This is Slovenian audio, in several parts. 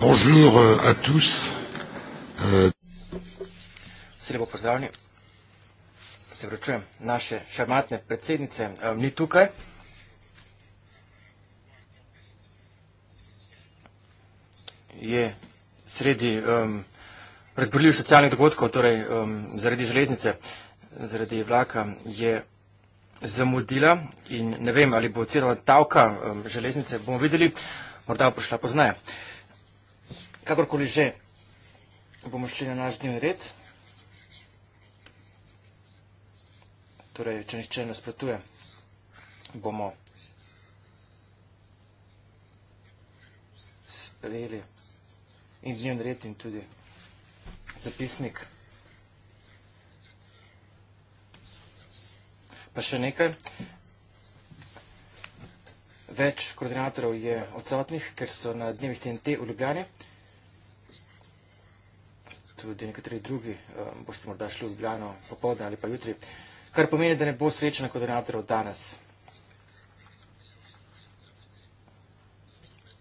Bonjour euh, à tous. Vsi lepo pozdravljeni. Se vročujem naše šarmatne predsednice. Ni tukaj. Je sredi razborljiv socialnih dogodkov, torej zaradi železnice, zaradi vlaka, je zamudila in ne vem, ali bo celo tavka železnice, bomo videli, morda bo šla poznaje. Vsi lepo pozdravljeni kakorkoli že, bomo šli na naš dnev red. Torej, če nihče ne spratuje, bomo sprejeli in dnev red in tudi zapisnik. Pa še nekaj. Več koordinatorov je odsotnih, ker so na dnevih TNT v Ljubljani tudi nekateri drugi um, boste morda šli v Ljubljano popovdne ali pa jutri, kar pomeni, da ne bo srečna koordinatorov danes.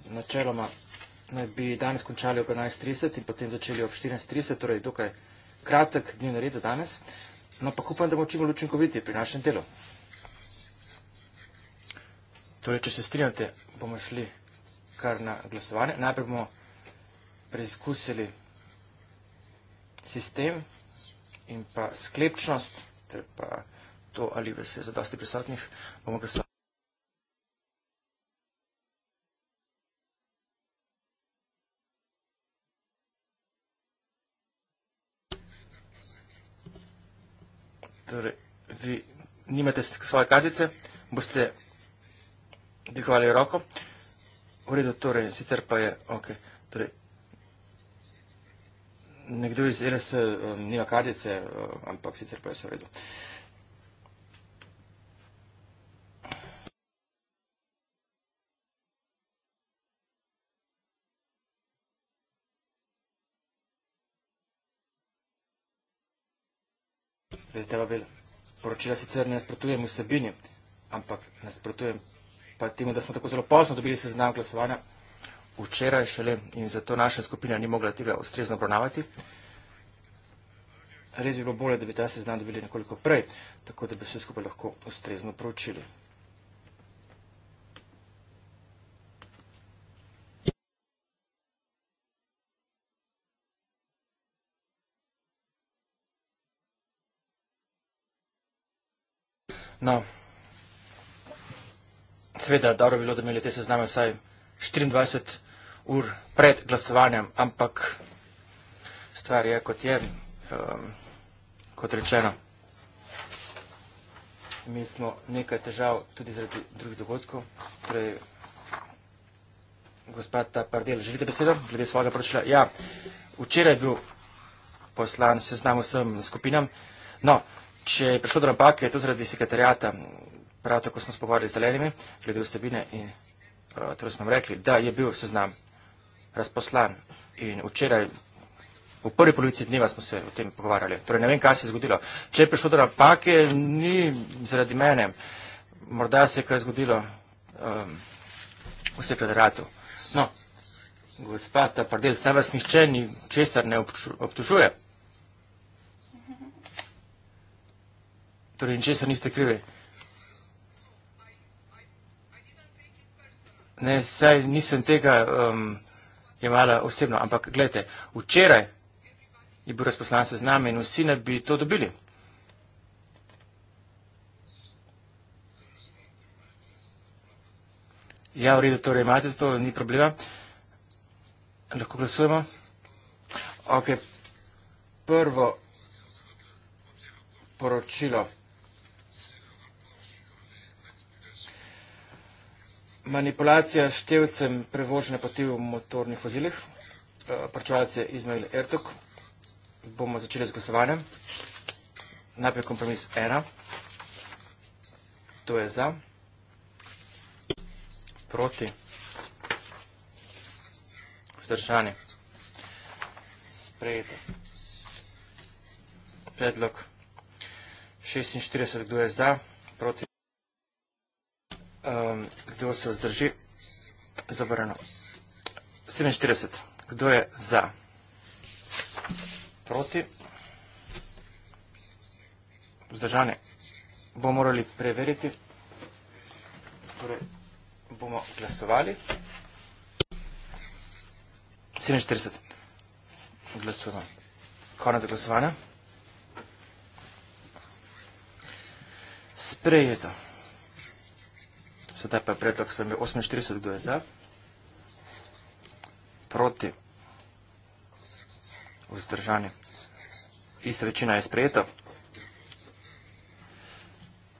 Načeloma naj bi danes končali ob 11.30 in potem začeli ob 14.30, torej dokaj kratek dnevni red za danes, no pa upam, da bomo čim bolj učinkoviti pri našem delu. Torej, če se strinjate, bomo šli kar na glasovanje. Najprej bomo preizkusili sistem in pa sklepčnost, ter pa to, ali vas je zadosti prisotnih, bomo glasovali. Torej, vi nimate svoje kartice, boste dihovali roko. V redu, torej, sicer pa je, ok, torej, nekdo iz RS um, nima kartice, um, ampak sicer pa je vse v redu. Vedite, Babel, poročila sicer ne nasprotujem vsebini, ampak nasprotujem pa temu, da smo tako zelo posno dobili seznam glasovanja včeraj šele in zato naša skupina ni mogla tega ustrezno obravnavati. Res bi bilo bolje, da bi ta seznam dobili nekoliko prej, tako da bi vse skupaj lahko ustrezno proučili. No, sveda, dobro bi bilo, da imeli te sezname vsaj 24 vsega, ur pred glasovanjem, ampak stvar je kot je, um, kot rečeno. Mi smo nekaj težav tudi zaradi drugih dogodkov. Torej, gospod Pardel, želite besedo glede svojega poročila? Ja, včeraj je bil poslan seznam vsem skupinam. No, če je prišlo do napake, je to zaradi sekretarijata. Prav tako smo se pogovarjali z zelenimi glede vsebine in uh, torej smo rekli, da je bil seznam razposlan. In včeraj, v prvi polovici dneva smo se o tem pogovarjali. Torej, ne vem, kaj se je zgodilo. Če je prišlo do napake, ni zaradi mene. Morda se je kaj zgodilo um, v sekretaratu. No, gospa, ta pardel, saj vas nihče ni česar ne obtožuje. Torej, ničesar niste krivi. Ne, saj nisem tega. Um, jemala osebno. Ampak gledajte, včeraj je bil razposlan se z nami in vsi ne bi to dobili. Ja, v redu, torej imate to, ni problema. Lahko glasujemo. Ok, prvo poročilo. manipulacija števcem prevožene poti v motornih vozilih. Prčevalce eh, je Izmail Ertok. Bomo začeli z glasovanjem. Najprej kompromis 1. To je za. Proti. Zdržani. Sprejeto. Predlog 46. Kdo je za? Proti. Ehm, kdo se vzdrži? Zavrano. 47. Kdo je za? Proti? Vzdržane. Bomo morali preveriti. Torej, bomo glasovali. 47. Glasujemo. Konec glasovanja. Sprejeto. Sedaj pa predlog sprejme 48, kdo je za? Proti. Vzdržanje. Ista večina je sprejeta.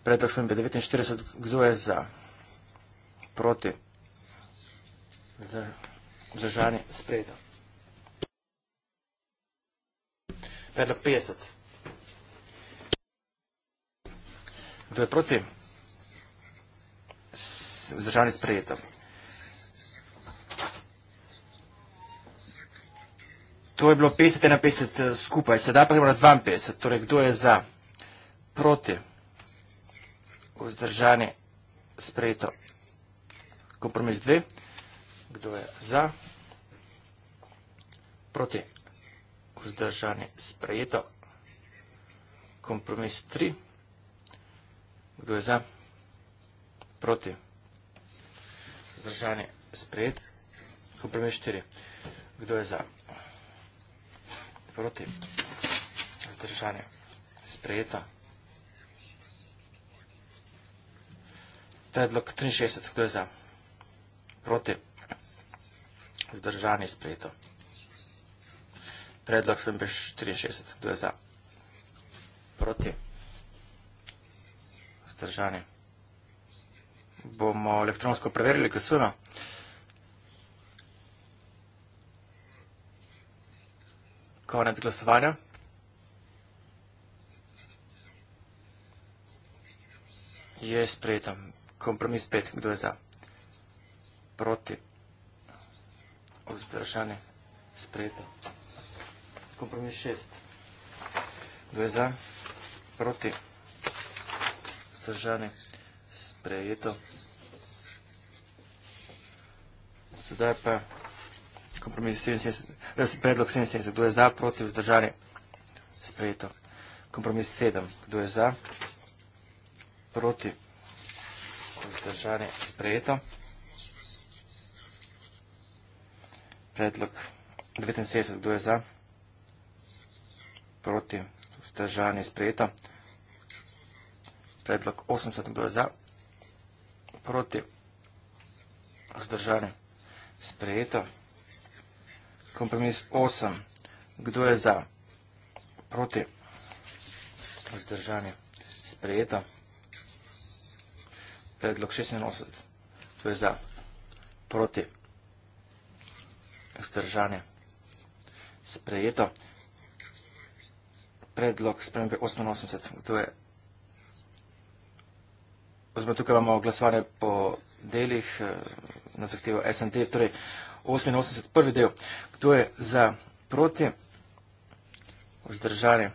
Predlog sprejme 49, kdo je za? Proti. Vzdržanje sprejeta. Predlog 50. Kdo je proti? Kdo je proti? vzdržani sprejeto. To je bilo 50 na 50 skupaj, sedaj pa gremo na 52, torej kdo je za, proti, vzdržani sprejeto, kompromis 2, kdo je za, proti, vzdržani sprejeto, kompromis 3, kdo je za, proti, Proti. Zdržanje. Sprejet. Kompromis 4. Kdo je za? Proti. Zdržanje. Sprejeta. Predlog 63. Kdo je za? Proti. Zdržanje. Sprejeto. Predlog 64. Kdo je za? Proti. Zdržanje. Zdržanje bomo elektronsko preverili, glasujemo. Konec glasovanja. Je sprejeto. Kompromis pet. Kdo je za? Proti. Vzdržani. Sprejeto. Kompromis šest. Kdo je za? Proti. Vzdržani. Vzdržani sprejeto. Sedaj pa kompromis 77, predlog 77, kdo je za, proti, vzdržanje, sprejeto. Kompromis 7, kdo je za, proti, vzdržanje, sprejeto. Predlog 79, kdo je za, proti, vzdržanje, sprejeto. Predlog 80, kdo je za, proti, vzdržane, sprejeto. Kompromis 8. Kdo je za, proti, vzdržane, sprejeto. Predlog 86. To je za, proti, vzdržane, sprejeto. Predlog spremembe 88. Kdo je za? Zdaj, tukaj imamo glasovanje po delih eh, na zahtevo SNT, torej 88. prvi del. Kdo je za proti vzdržanje?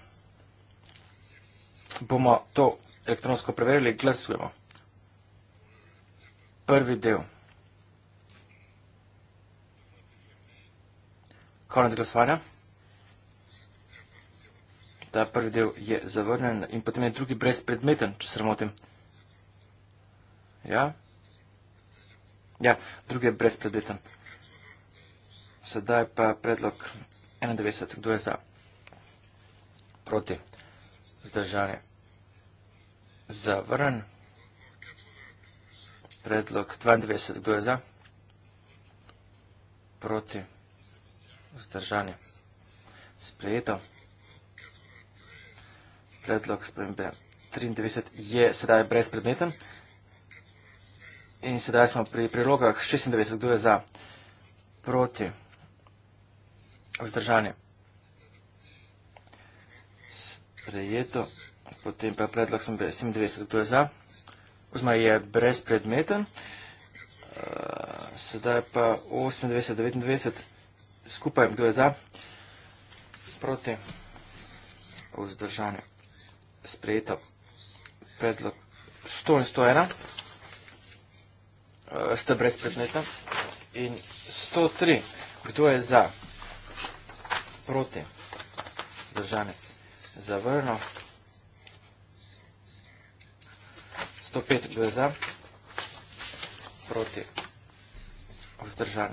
Bomo to elektronsko preverili, glasujemo. Prvi del. Konec glasovanja. Ta prvi del je zavrnen in potem je drugi brezpredmeten, če se remotim. Ja? Ja, drugi je brezpredmeten. Sedaj pa predlog 91. Kdo je za? Proti. Zdržanje. Zavrn. Predlog 92. Kdo je za? Proti. Zdržanje. Sprejeto. Predlog spremembe 93 je sedaj brezpredmeten. Zdržanje. In sedaj smo pri prilogah 96, kdo je za, proti, vzdržanje. Sprejeto, potem pa predlog 97, kdo je za, vzma je brezpredmeten. Eh, sedaj pa 98, 99, skupaj, kdo je za, proti, vzdržanje. Sprejeto, predlog 100 in 101 ste brezpredmetna. In 103, kdo je za, proti, držanec, zavrno. 105, kdo je za, proti, vzdržan,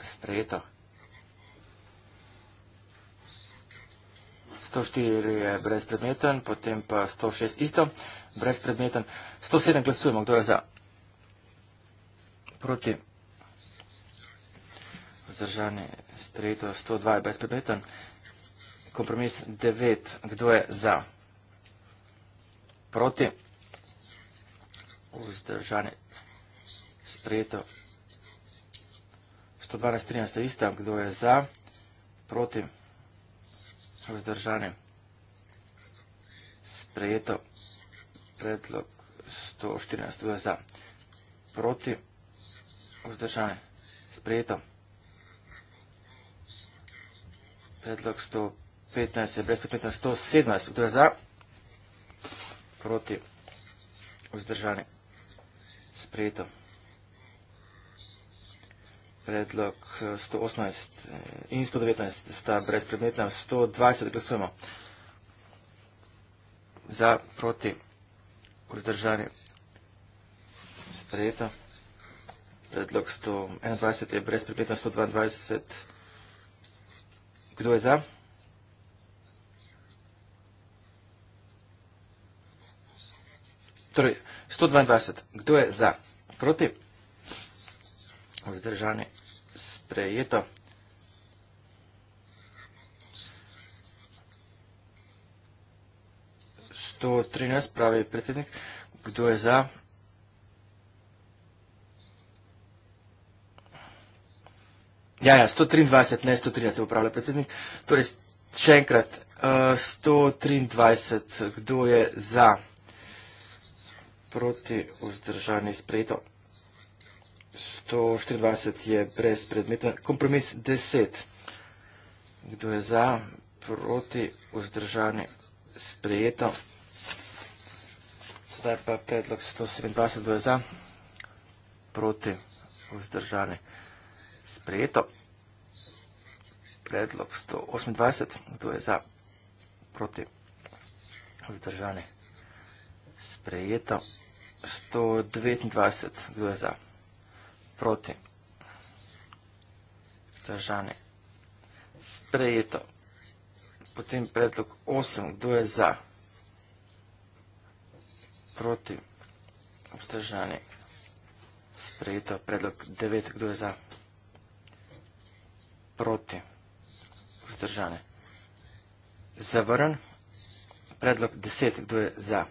sprejeto. 104 je brezpredmeten, potem pa 106 isto, brezpredmeten. 107 glasujemo, kdo je za, proti. Vzdržanje strejto 102 je bezpredmeten. Kompromis 9. Kdo je za? Proti. Vzdržanje strejto 112, 13 je ista. Kdo je za? Proti. Vzdržanje strejto predlog 114. Kdo je za? Proti. Proti. Vzdržaj. Sprejeto. Predlog 115 je brez 115. 117. Kdo je za? Proti. Vzdržanje. Sprejeto. Predlog 118 eh, in 119 sta brez predmetna. 120 glasujemo. Za, proti, vzdržanje. Sprejeto predlog 121 je brez pripletna 122. Kdo je za? Torej, 122. Kdo je za? Proti? Vzdržani sprejeto. To 13 pravi predsednik. Kdo je za? Ja, ja, 123, ne 130, upravlja predsednik. Torej, še enkrat, uh, eh, 123, kdo je za proti vzdržanje sprejeto. 124 je brez predmeta. Kompromis 10. Kdo je za proti vzdržanje sprejeto. Zdaj pa predlog 127, kdo je za proti vzdržanje sprejeto sprejeto. Predlog 128, kdo je za, proti, vzdržane, sprejeto. 129, kdo je za, proti, vzdržane, sprejeto. Potem predlog 8, kdo je za, proti, vzdržane, sprejeto. Predlog 9, kdo je za, proti, vzdržane. Zavrn, predlog deset, kdo je za,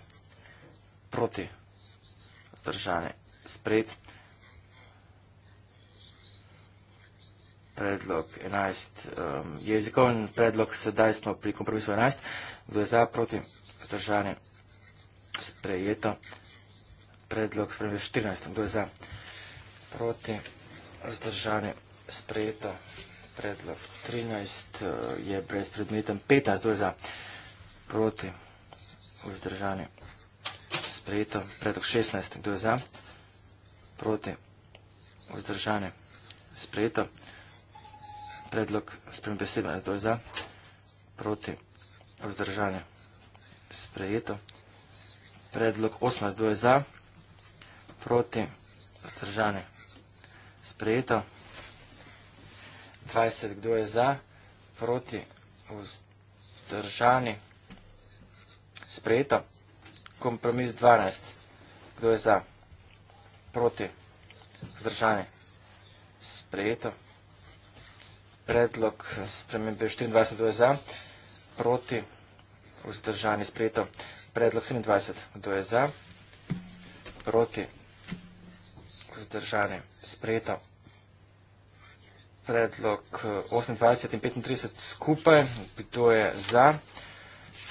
proti, vzdržane, sprejet. Predlog enajst, um, jezikovni predlog, sedaj smo pri kompromisu enajst, kdo je za, proti, vzdržane, sprejeto. Predlog spremljajo štirnajst, kdo je za, proti, vzdržane, sprejeto. Sprejeto predlog. 13 eh, je brezpredmeten, 15 je za proti vzdržanje. Sprejeto, predlog 16, kdo je za, proti, vzdržane, sprejeto, predlog spremembe 17, kdo je za, proti, vzdržane, sprejeto, predlog 18, kdo je za, proti, vzdržane, sprejeto. 20, kdo je za, proti, vzdržani, sprejeto, kompromis 12, kdo je za, proti, vzdržani, sprejeto, predlog spremembe 24, kdo je za, proti, vzdržani, sprejeto, predlog 27, kdo je za, proti, vzdržani, sprejeto, predlog 27, kdo je za, proti, vzdržani, sprejeto, predlog 28 eh, in 35 skupaj, kdo je za,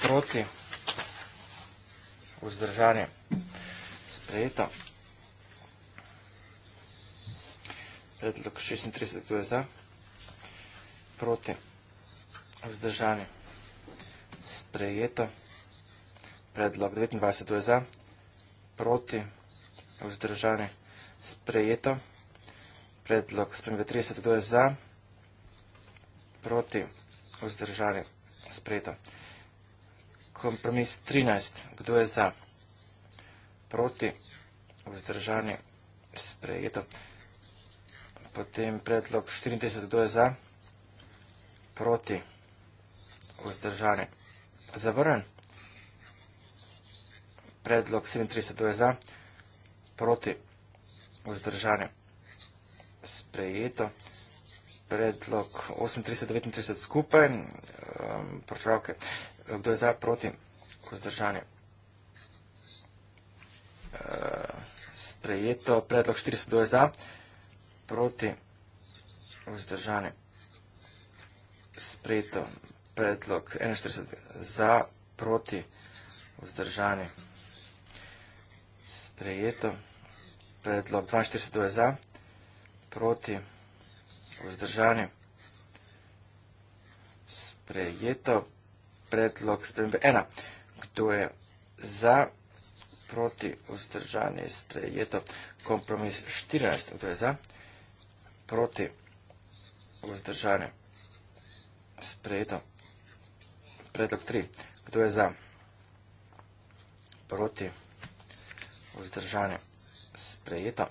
proti, vzdržanje, sprejeto. Predlog 36, kdo je za, proti, vzdržanje, sprejeto. Predlog 29, kdo je za, proti, vzdržanje, sprejeto predlog spremembe 30, kdo je za, proti, vzdržali, sprejeto. Kompromis 13, kdo je za, proti, vzdržali, sprejeto. Potem predlog 34, kdo je za, proti, vzdržali, zavrn. Predlog 37, kdo je za, proti, vzdržali, sprejeto sprejeto predlog 38-39 skupaj, um, pročevalke, kdo je za proti vzdržanje. Uh, sprejeto predlog 42 je za proti vzdržanje. Sprejeto predlog 41 za proti vzdržanje. Sprejeto predlog 42 je za proti vzdržanje proti vzdržanju. Sprejeto predlog spremembe ena. Kdo je za proti vzdržanje sprejeto kompromis 14. Kdo je za proti vzdržanje sprejeto predlog 3. Kdo je za proti vzdržanje sprejeto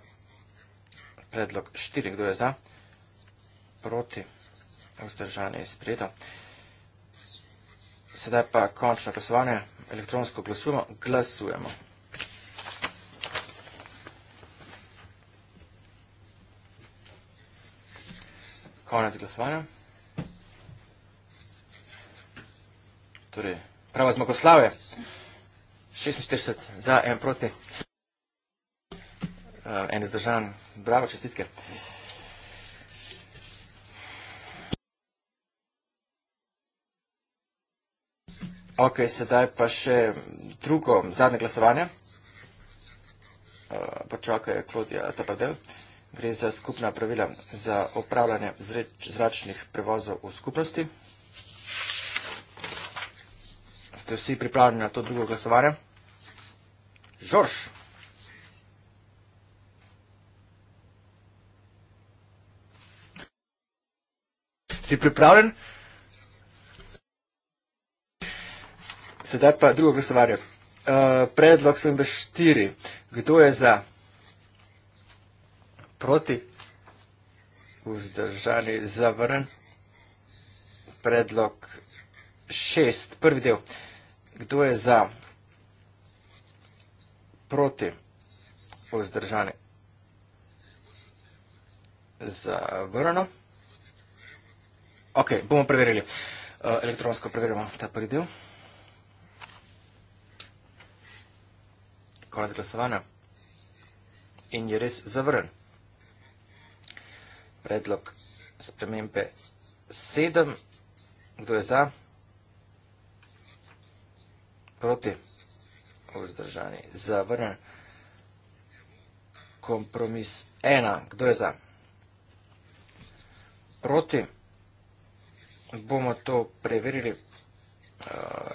predlog 4. Kdo je za? Proti. Vzdržanje je sprejeto. Sedaj pa končno glasovanje. Elektronsko glasujemo. Glasujemo. Konec glasovanja. Torej, pravo zmagoslave. 46 za en proti uh, en izdržan. Bravo, čestitke. Ok, sedaj pa še drugo, zadnje glasovanje. Uh, počakaj, Klodija Tapadel. Gre za skupna pravila za opravljanje zreč, zračnih prevozov v skupnosti. Ste vsi pripravljeni na to drugo glasovanje? Žorž! Si pripravljen? Sedaj pa drugo glasovanje. Uh, predlog spremembe štiri. Kdo je za? Proti? Vzdržani zavrn. Predlog šest. Prvi del. Kdo je za? Proti? Vzdržani zavrno. Ok, bomo preverili. Eh, elektronsko preverimo ta prvi del. Konec glasovanja. In je res zavrn. Predlog spremembe sedem. Kdo je za? Proti. Vzdržani. Zavrn. Kompromis ena. Kdo je za? Proti. Proti bomo to preverili uh,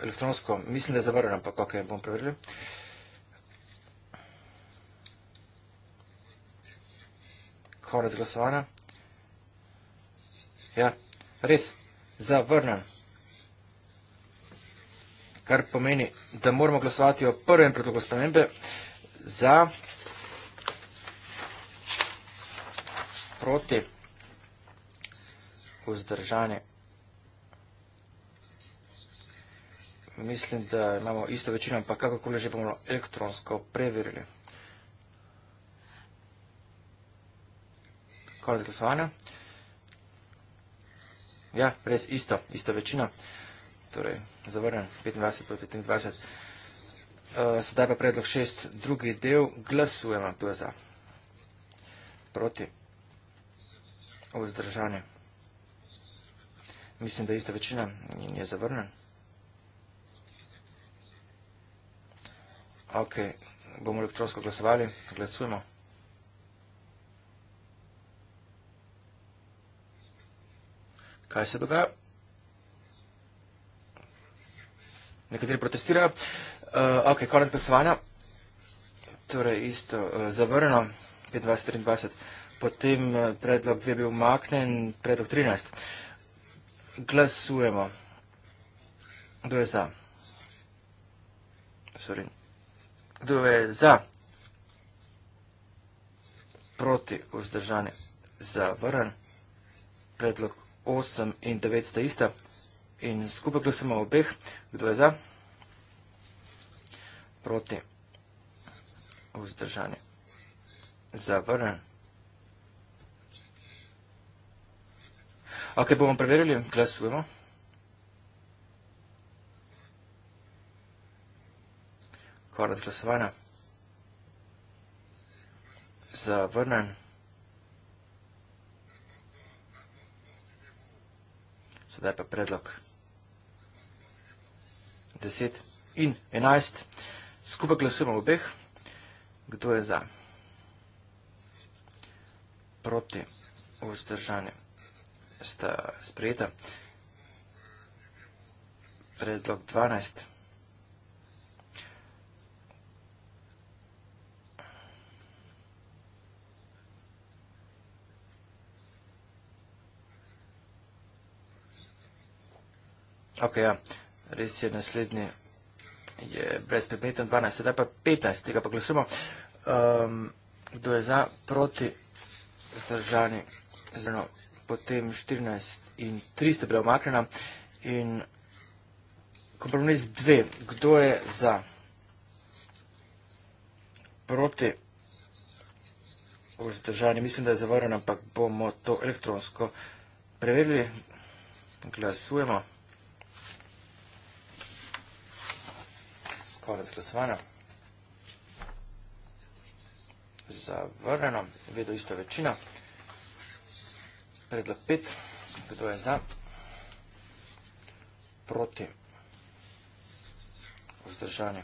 elektronsko, mislim, da je zavaran, ampak ok, bomo preverili. Konec glasovanja. Ja, res, zavrnem. Kar pomeni, da moramo glasovati o prvem predlogu spremembe za proti vzdržanje. mislim, da imamo isto večino, ampak kakorkoli že bomo elektronsko preverili. Konec glasovanja. Ja, res isto, isto večino. Torej, zavrnen 25 proti 23. Uh, eh, sedaj pa predlog šest, drugi del, glasujemo tu za. Proti. Vzdržanje. Mislim, da je isto večina in je zavrnen. Ok, bomo elektronsko glasovali. Glasujemo. Kaj se dogaja? Nekateri protestirajo. Uh, ok, konec glasovanja. Torej, isto uh, zavrno. 25-23. Potem uh, predlog 2 bil umaknen, predlog 13. Glasujemo. Kdo je za? Sorry. Kdo je za? Proti vzdržanje. Zavrn. Predlog 8 in 9 sta ista. In skupaj glasimo obeh. Kdo je za? Proti vzdržanje. Zavrn. Ok, bomo preverili. Glasujemo. Glasujemo. konec glasovanja. Zavrnen. Sedaj pa predlog. 10 in 11. Skupaj glasujemo obeh. Kdo je za? Proti vzdržanje sta sprejeta. Predlog 12. Ok, ja, res je naslednji je brezpredmeten 12, sedaj pa 15, tega pa glasujemo. Um, kdo je za, proti, zdržani, zelo potem 14 in 3 ste bile omakljena in kompromis 2, kdo je za, proti, zdržani, mislim, da je zavarjeno, ampak bomo to elektronsko preverili, glasujemo. konec glasovanja. Zavrljeno, vedo isto večina. Predlog pet, kdo je za, proti vzdržanje.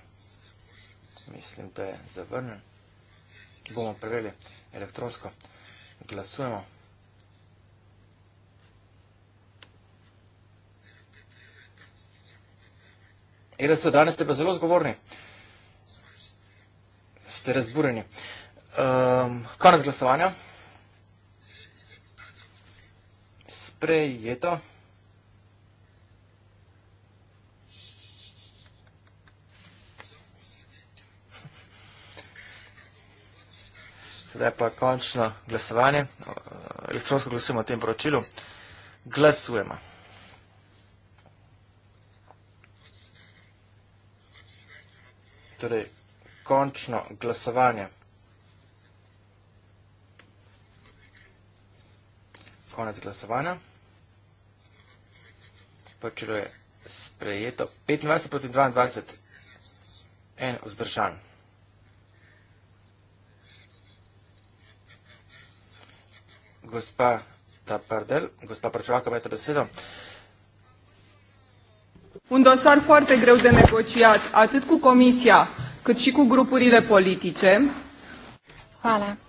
Mislim, da je zavrnen. Bomo preveli elektronsko. Glasujemo. Glasujemo. Eda so danes te pa zelo zgovorni. Ste razburjeni. Um, konec glasovanja. Sprejeto. Sedaj pa končno glasovanje. Elektronsko glasujemo o tem poročilu. Glasujemo. torej končno glasovanje. Konec glasovanja. Počelo je sprejeto. 25 proti 22. En vzdržan. Gospa Tapardel, gospa Pračovaka, imate besedo un dosar foarte greu de negociat atât cu Comisia cât și cu grupurile politice. Hvala. Eh,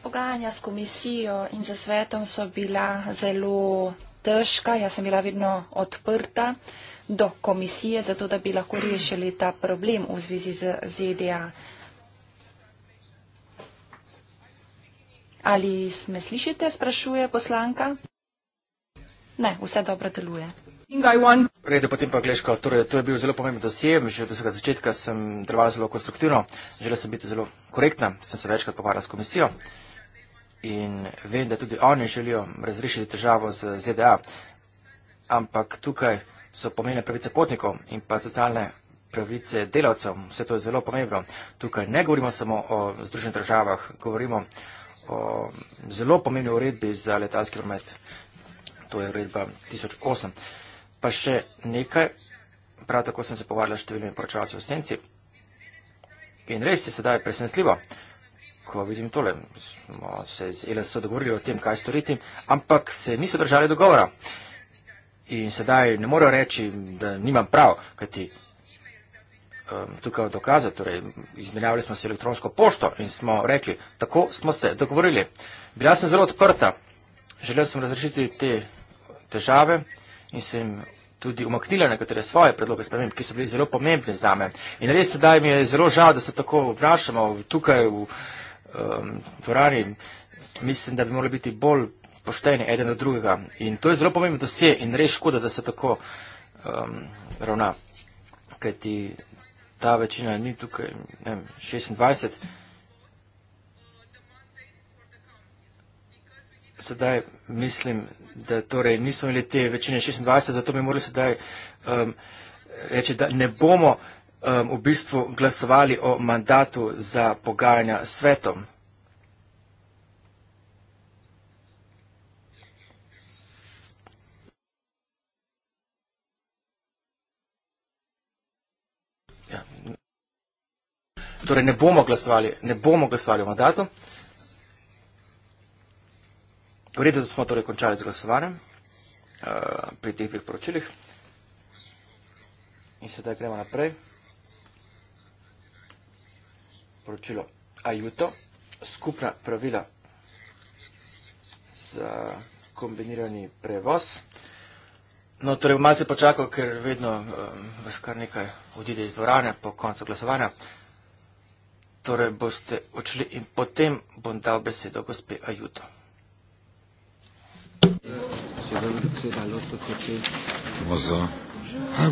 pogajanja s komisijo in za svetom so bila zelo težka, jaz sem bila vedno odprta do komisije, zato da bi lahko rešili ta problem v zvezi z ZDA. Ali me slišite, sprašuje poslanka? Ne, vse dobro deluje in ga je on. Redo potem pa Gleško, torej to je bil zelo pomemben dosje, že od vsega začetka sem delovala zelo konstruktivno, želela sem biti zelo korektna, sem se večkrat pogovarjala s komisijo in vem, da tudi oni želijo razrešiti težavo z ZDA, ampak tukaj so pomembne pravice potnikov in pa socialne pravice delavcev, vse to je zelo pomembno. Tukaj ne govorimo samo o združenih državah, govorimo o zelo pomembni uredbi za letalski promet. To je uredba 1008. Pa še nekaj, prav tako sem se povarjala številnimi poročevalci v senci. In res je sedaj presenetljivo, ko vidim tole, smo se z LNS dogovorili o tem, kaj storiti, ampak se niso držali dogovora. In sedaj ne morejo reči, da nimam prav, kajti um, tukaj dokaza, torej izmenjavali smo se elektronsko pošto in smo rekli, tako smo se dogovorili. Bila sem zelo odprta, želel sem razrešiti te težave in se jim tudi umaknila nekatere svoje predloge sprememb, ki so bili zelo pomembni za me. In res sedaj mi je zelo žal, da se tako vprašamo tukaj v um, dvorani. Mislim, da bi morali biti bolj pošteni eden od drugega. In to je zelo pomembno, da se in res škoda, da se tako um, ravna. Kajti ta večina ni tukaj, ne vem, 26. sedaj mislim, da torej nismo imeli te večine 26, zato bi morali sedaj um, reči, da ne bomo um, v bistvu glasovali o mandatu za pogajanja s svetom. Ja. Torej ne bomo glasovali, ne bomo glasovali o mandatu. V redu, da smo torej končali z glasovanjem eh, pri teh dveh poročilih. In sedaj gremo naprej. Poročilo Ajuto. Skupna pravila za kombinirani prevoz. No, torej v malce počakal, ker vedno eh, vas kar nekaj odide iz dvorane po koncu glasovanja. Torej boste očli in potem bom dal besedo gospe Ajuto. Ah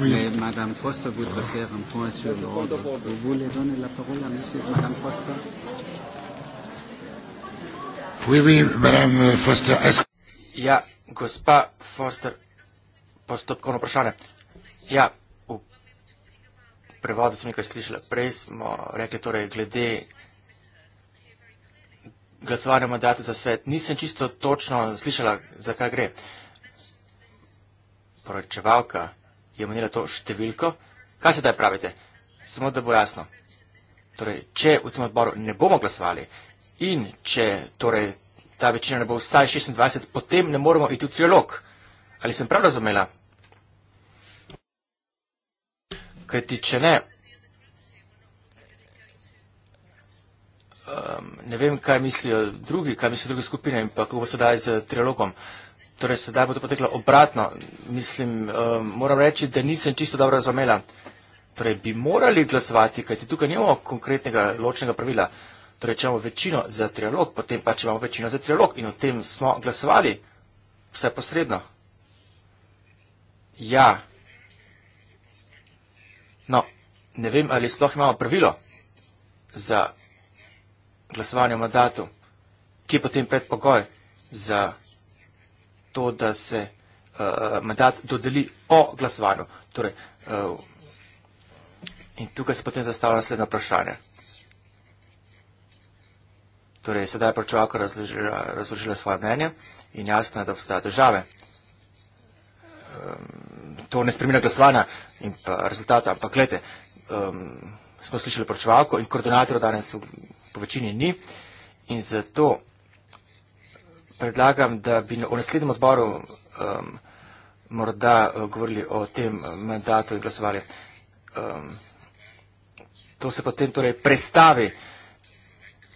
oui. Mais Madame Foster voudrait ah. faire un point sur l'ordre. Vous voulez donner la parole à Monsieur Madame Foster Oui, oui, Madame Foster. Я госпа Фостер, постопко на прошане. Я у превода съм никой слышала. Прей смо рекли, торе, гледе glasovanju o mandatu za svet. Nisem čisto točno slišala, zakaj gre. Poročevalka je omenila to številko. Kaj se daj pravite? Samo da bo jasno. Torej, če v tem odboru ne bomo glasovali in če torej, ta večina ne bo vsaj 26, potem ne moremo iti v trilog. Ali sem prav razumela? Kajti, če ne, um, ne vem, kaj mislijo drugi, kaj mislijo druge skupine in pa kako bo sedaj z trilogom. Torej, sedaj bo to poteklo obratno. Mislim, um, moram reči, da nisem čisto dobro razumela. Torej, bi morali glasovati, kajti tukaj nimamo konkretnega ločnega pravila. Torej, če imamo večino za trilog, potem pa če imamo večino za trilog in o tem smo glasovali, vse posredno. Ja. No, ne vem, ali sploh imamo pravilo za glasovanje o mandatu, ki je potem predpogoj za to, da se uh, mandat dodeli po glasovanju. Torej, uh, in tukaj se potem zastavlja naslednje vprašanje. Torej, sedaj je pročevalka razložila, razložila svoje mnenje in jasno je, da obstaja države. Um, ehm, to ne spremlja glasovanja in pa rezultata, ampak gledajte, um, ehm, smo slišali pročevalko in koordinatorja danes po večini ni. In zato predlagam, da bi v naslednjem odboru um, morda uh, govorili o tem mandatu in glasovali. Um, to se potem torej prestavi,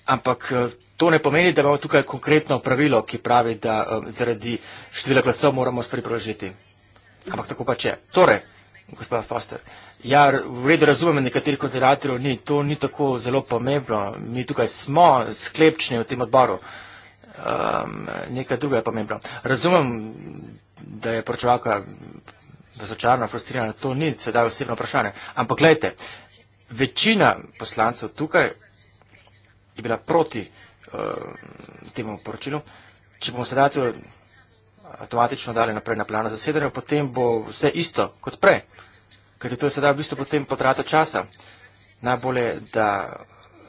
ampak uh, to ne pomeni, da imamo tukaj konkretno pravilo, ki pravi, da um, zaradi števila glasov moramo stvari preložiti. Ampak tako pa če. Torej, gospa Foster. Ja, v redu razumem, nekaterih koordinatorjev ni, to ni tako zelo pomembno. Mi tukaj smo sklepčni v tem odboru. Um, nekaj druga je pomembno. Razumem, da je poročevalka razočarana, frustrirana, to ni sedaj osebno vprašanje. Ampak gledajte, večina poslancev tukaj je bila proti uh, temu poročilu. Če bomo sedaj tukaj avtomatično dali naprej na plano zasedanja, potem bo vse isto kot prej. Kajti to je sedaj v bistvu potem potrata časa. Najbolje, da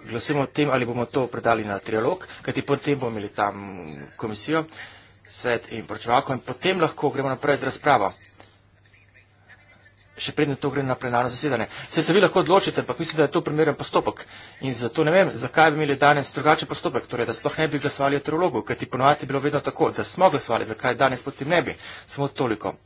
glasimo o tem, ali bomo to predali na trialog, kajti potem bomo imeli tam komisijo, svet in pročevalko in potem lahko gremo naprej z razpravo še predno to gre na plenarno zasedanje. Se, se vi lahko odločite, ampak mislim, da je to primeren postopek. In zato ne vem, zakaj bi imeli danes drugačen postopek, torej da sploh ne bi glasovali o teologu, kajti ponovati bilo vedno tako, da smo glasovali, zakaj danes potem ne bi. Samo toliko.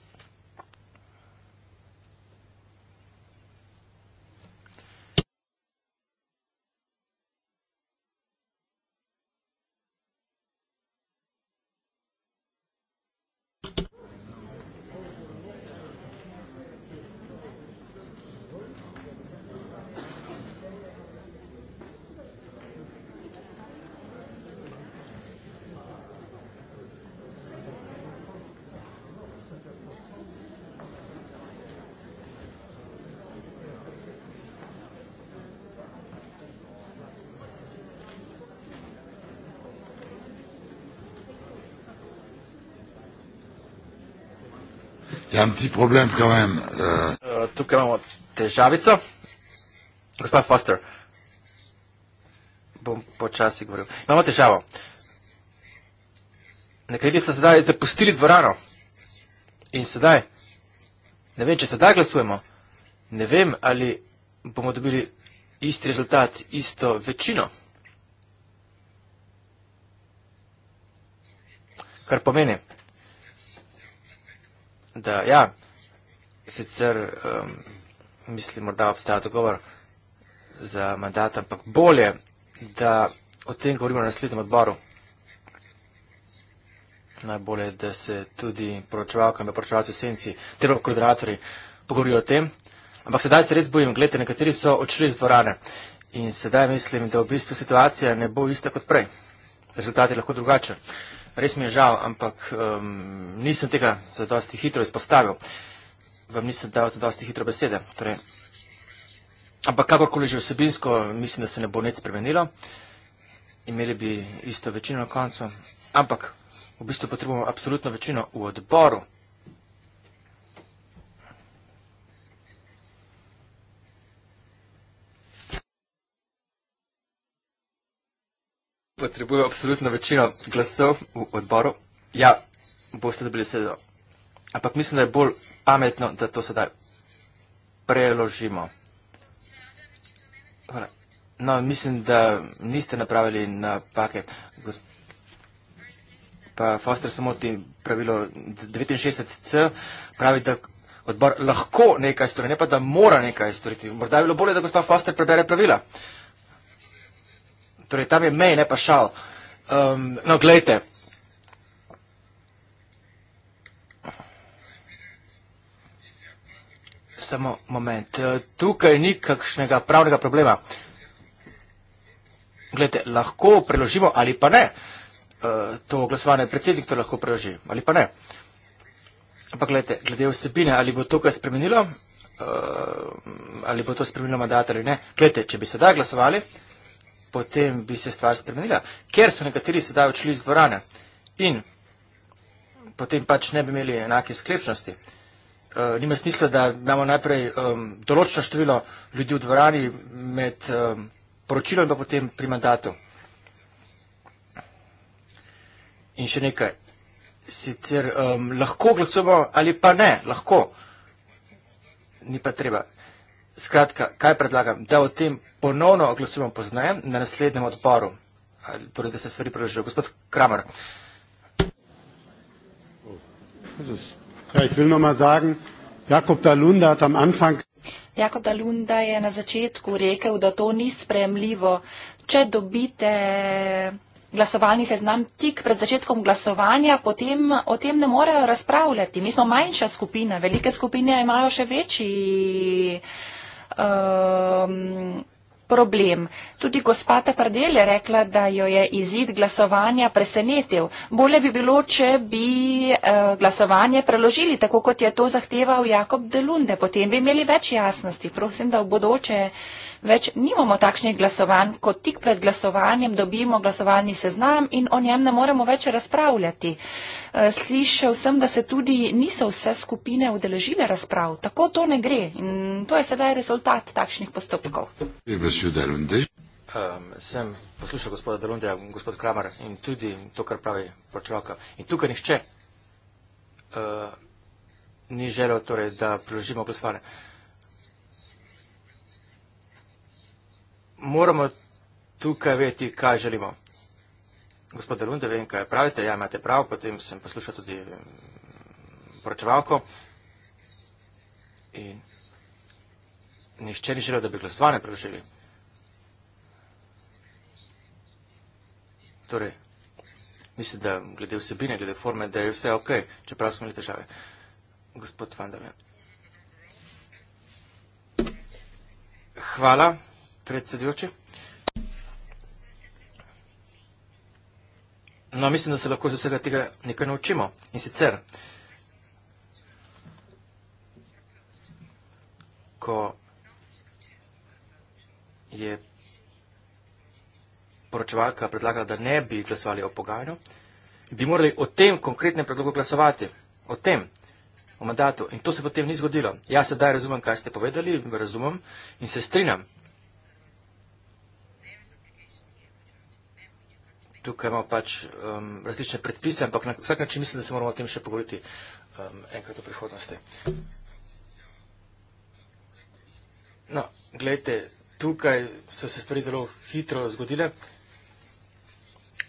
un petit problème quand même. Euh... Euh, tout comme ça. Gospod Foster, bom počasi govoril. Imamo težavo. Nekateri so sedaj zapustili dvorano in sedaj, ne vem, če sedaj glasujemo, ne vem, ali bomo dobili isti rezultat, isto večino. Kar pomeni, da ja, sicer um, mislim, morda obstaja dogovor za mandat, ampak bolje, da o tem govorimo na naslednjem odboru. Najbolje, da se tudi poročevalka in poročevalci v senci, ter koordinatori, pogovorijo o tem. Ampak sedaj se res bojim, gledajte, nekateri so odšli iz dvorane in sedaj mislim, da v bistvu situacija ne bo ista kot prej. Rezultat je lahko drugačen. Res mi je žal, ampak um, nisem tega za dosti hitro izpostavil. Vam nisem dal za dosti hitro besede. Torej, ampak kakorkoli že vsebinsko, mislim, da se ne bo nič spremenilo. Imeli bi isto večino na koncu. Ampak v bistvu potrebujemo absolutno večino v odboru. potrebuje absolutno večino glasov v odboru, ja, boste dobili sedo. Ampak mislim, da je bolj pametno, da to sedaj preložimo. Hvala. No, mislim, da niste napravili napake. Pa Foster samo ti pravilo 69C pravi, da odbor lahko nekaj stori, ne pa da mora nekaj storiti. Morda je bilo bolje, da gospod Foster prebere pravila. Uh, Torej, tam je mej, ne pa šal. Um, no, gledajte. Samo moment. E, tukaj ni kakšnega pravnega problema. Glede, lahko preložimo ali pa ne. E, to glasovanje predsednik to lahko preloži ali pa ne. Ampak glede, glede vsebine, ali bo to kaj spremenilo, e, ali bo to spremenilo mandat ali ne. Glede, če bi sedaj glasovali, potem bi se stvar spremenila, ker so nekateri sedaj odšli iz dvorane in potem pač ne bi imeli enake sklepčnosti. Uh, nima smisla, da imamo najprej um, določeno število ljudi v dvorani med um, poročilom in pa potem pri mandatu. In še nekaj. Sicer um, lahko glasujemo ali pa ne, lahko. Ni pa treba. Skratka, kaj predlagam, da o tem ponovno oglasujemo pozneje na naslednjem odboru, ali, torej da se stvari preložijo. Gospod Kramer. Ja, Jakob Dalunda je na začetku rekel, da to ni spremljivo. Če dobite glasovalni seznam tik pred začetkom glasovanja, potem o tem ne morejo razpravljati. Mi smo manjša skupina, velike skupine imajo še večji um, problem. Tudi gospata Pardel je rekla, da jo je izid glasovanja presenetil. Bolje bi bilo, če bi uh, glasovanje preložili tako, kot je to zahteval Jakob Delunde. Potem bi imeli več jasnosti. Prosim, da v bodoče uh, več nimamo takšnih glasovanj, ko tik pred glasovanjem dobimo glasovalni seznam in o njem ne moremo več razpravljati. E, slišal sem, da se tudi niso vse skupine udeležile razprav. Tako to ne gre in to je sedaj rezultat takšnih postopkov. Um, sem poslušal gospoda Delundeja, gospod Kramar in tudi to, kar pravi počloka. In tukaj nišče uh, e, ni želel, torej, da priložimo glasovanje. Uh, moramo tukaj veti, kaj želimo. Gospod Delunde, vem, kaj pravite, ja, imate prav, potem sem poslušal tudi mm, poročevalko. In nišče ni želel, da bi glasovanje preložili. Torej, mislim, da glede vsebine, glede forme, da je vse ok, čeprav smo imeli težave. Gospod Vandalen. Hvala predsedujoči. No, mislim, da se lahko z vsega tega nekaj naučimo. In sicer, ko je poročevalka predlagala, da ne bi glasovali o pogajanju, bi morali o tem konkretnem predlogu glasovati. O tem, o mandatu. In to se potem ni zgodilo. Jaz sedaj razumem, kaj ste povedali, razumem in se strinjam. tukaj imamo pač um, različne predpise, ampak na vsak način mislim, da se moramo o tem še pogovoriti um, enkrat v prihodnosti. No, gledajte, tukaj so se stvari zelo hitro zgodile.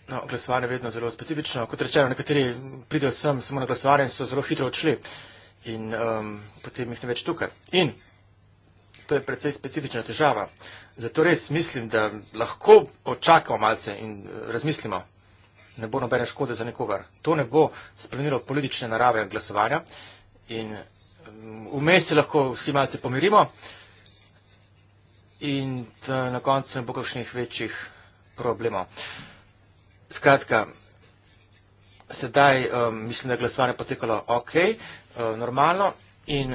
No, glasovanje je vedno zelo specifično. Kot rečeno, nekateri pridejo sem samo na glasovanje in so zelo hitro odšli. In um, potem jih ne več tukaj. In to je precej specifična težava. Zato res mislim, da lahko počakamo malce in eh, razmislimo. Ne bo nobene škode za nikogar. To ne bo spremenilo politične narave glasovanja in mm, vmes se lahko vsi malce pomirimo in da eh, na koncu ne bo kakšnih večjih problemov. Skratka, sedaj um, mislim, da je glasovanje potekalo ok, uh, normalno in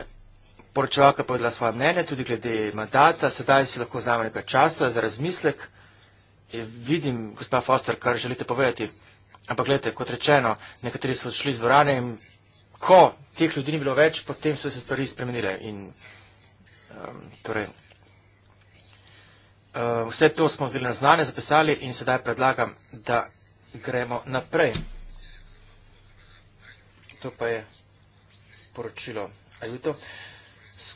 poročevalka povedala svoje mnenje, tudi glede mandata, sedaj si lahko vzame nekaj časa za razmislek. In vidim, gospa Foster, kar želite povedati. Ampak gledajte, kot rečeno, nekateri so odšli iz dvorane in ko teh ljudi ni bilo več, potem so se stvari spremenile. In, um, torej, um, vse to smo vzeli na znanje, zapisali in sedaj predlagam, da gremo naprej. To pa je poročilo. Ajuto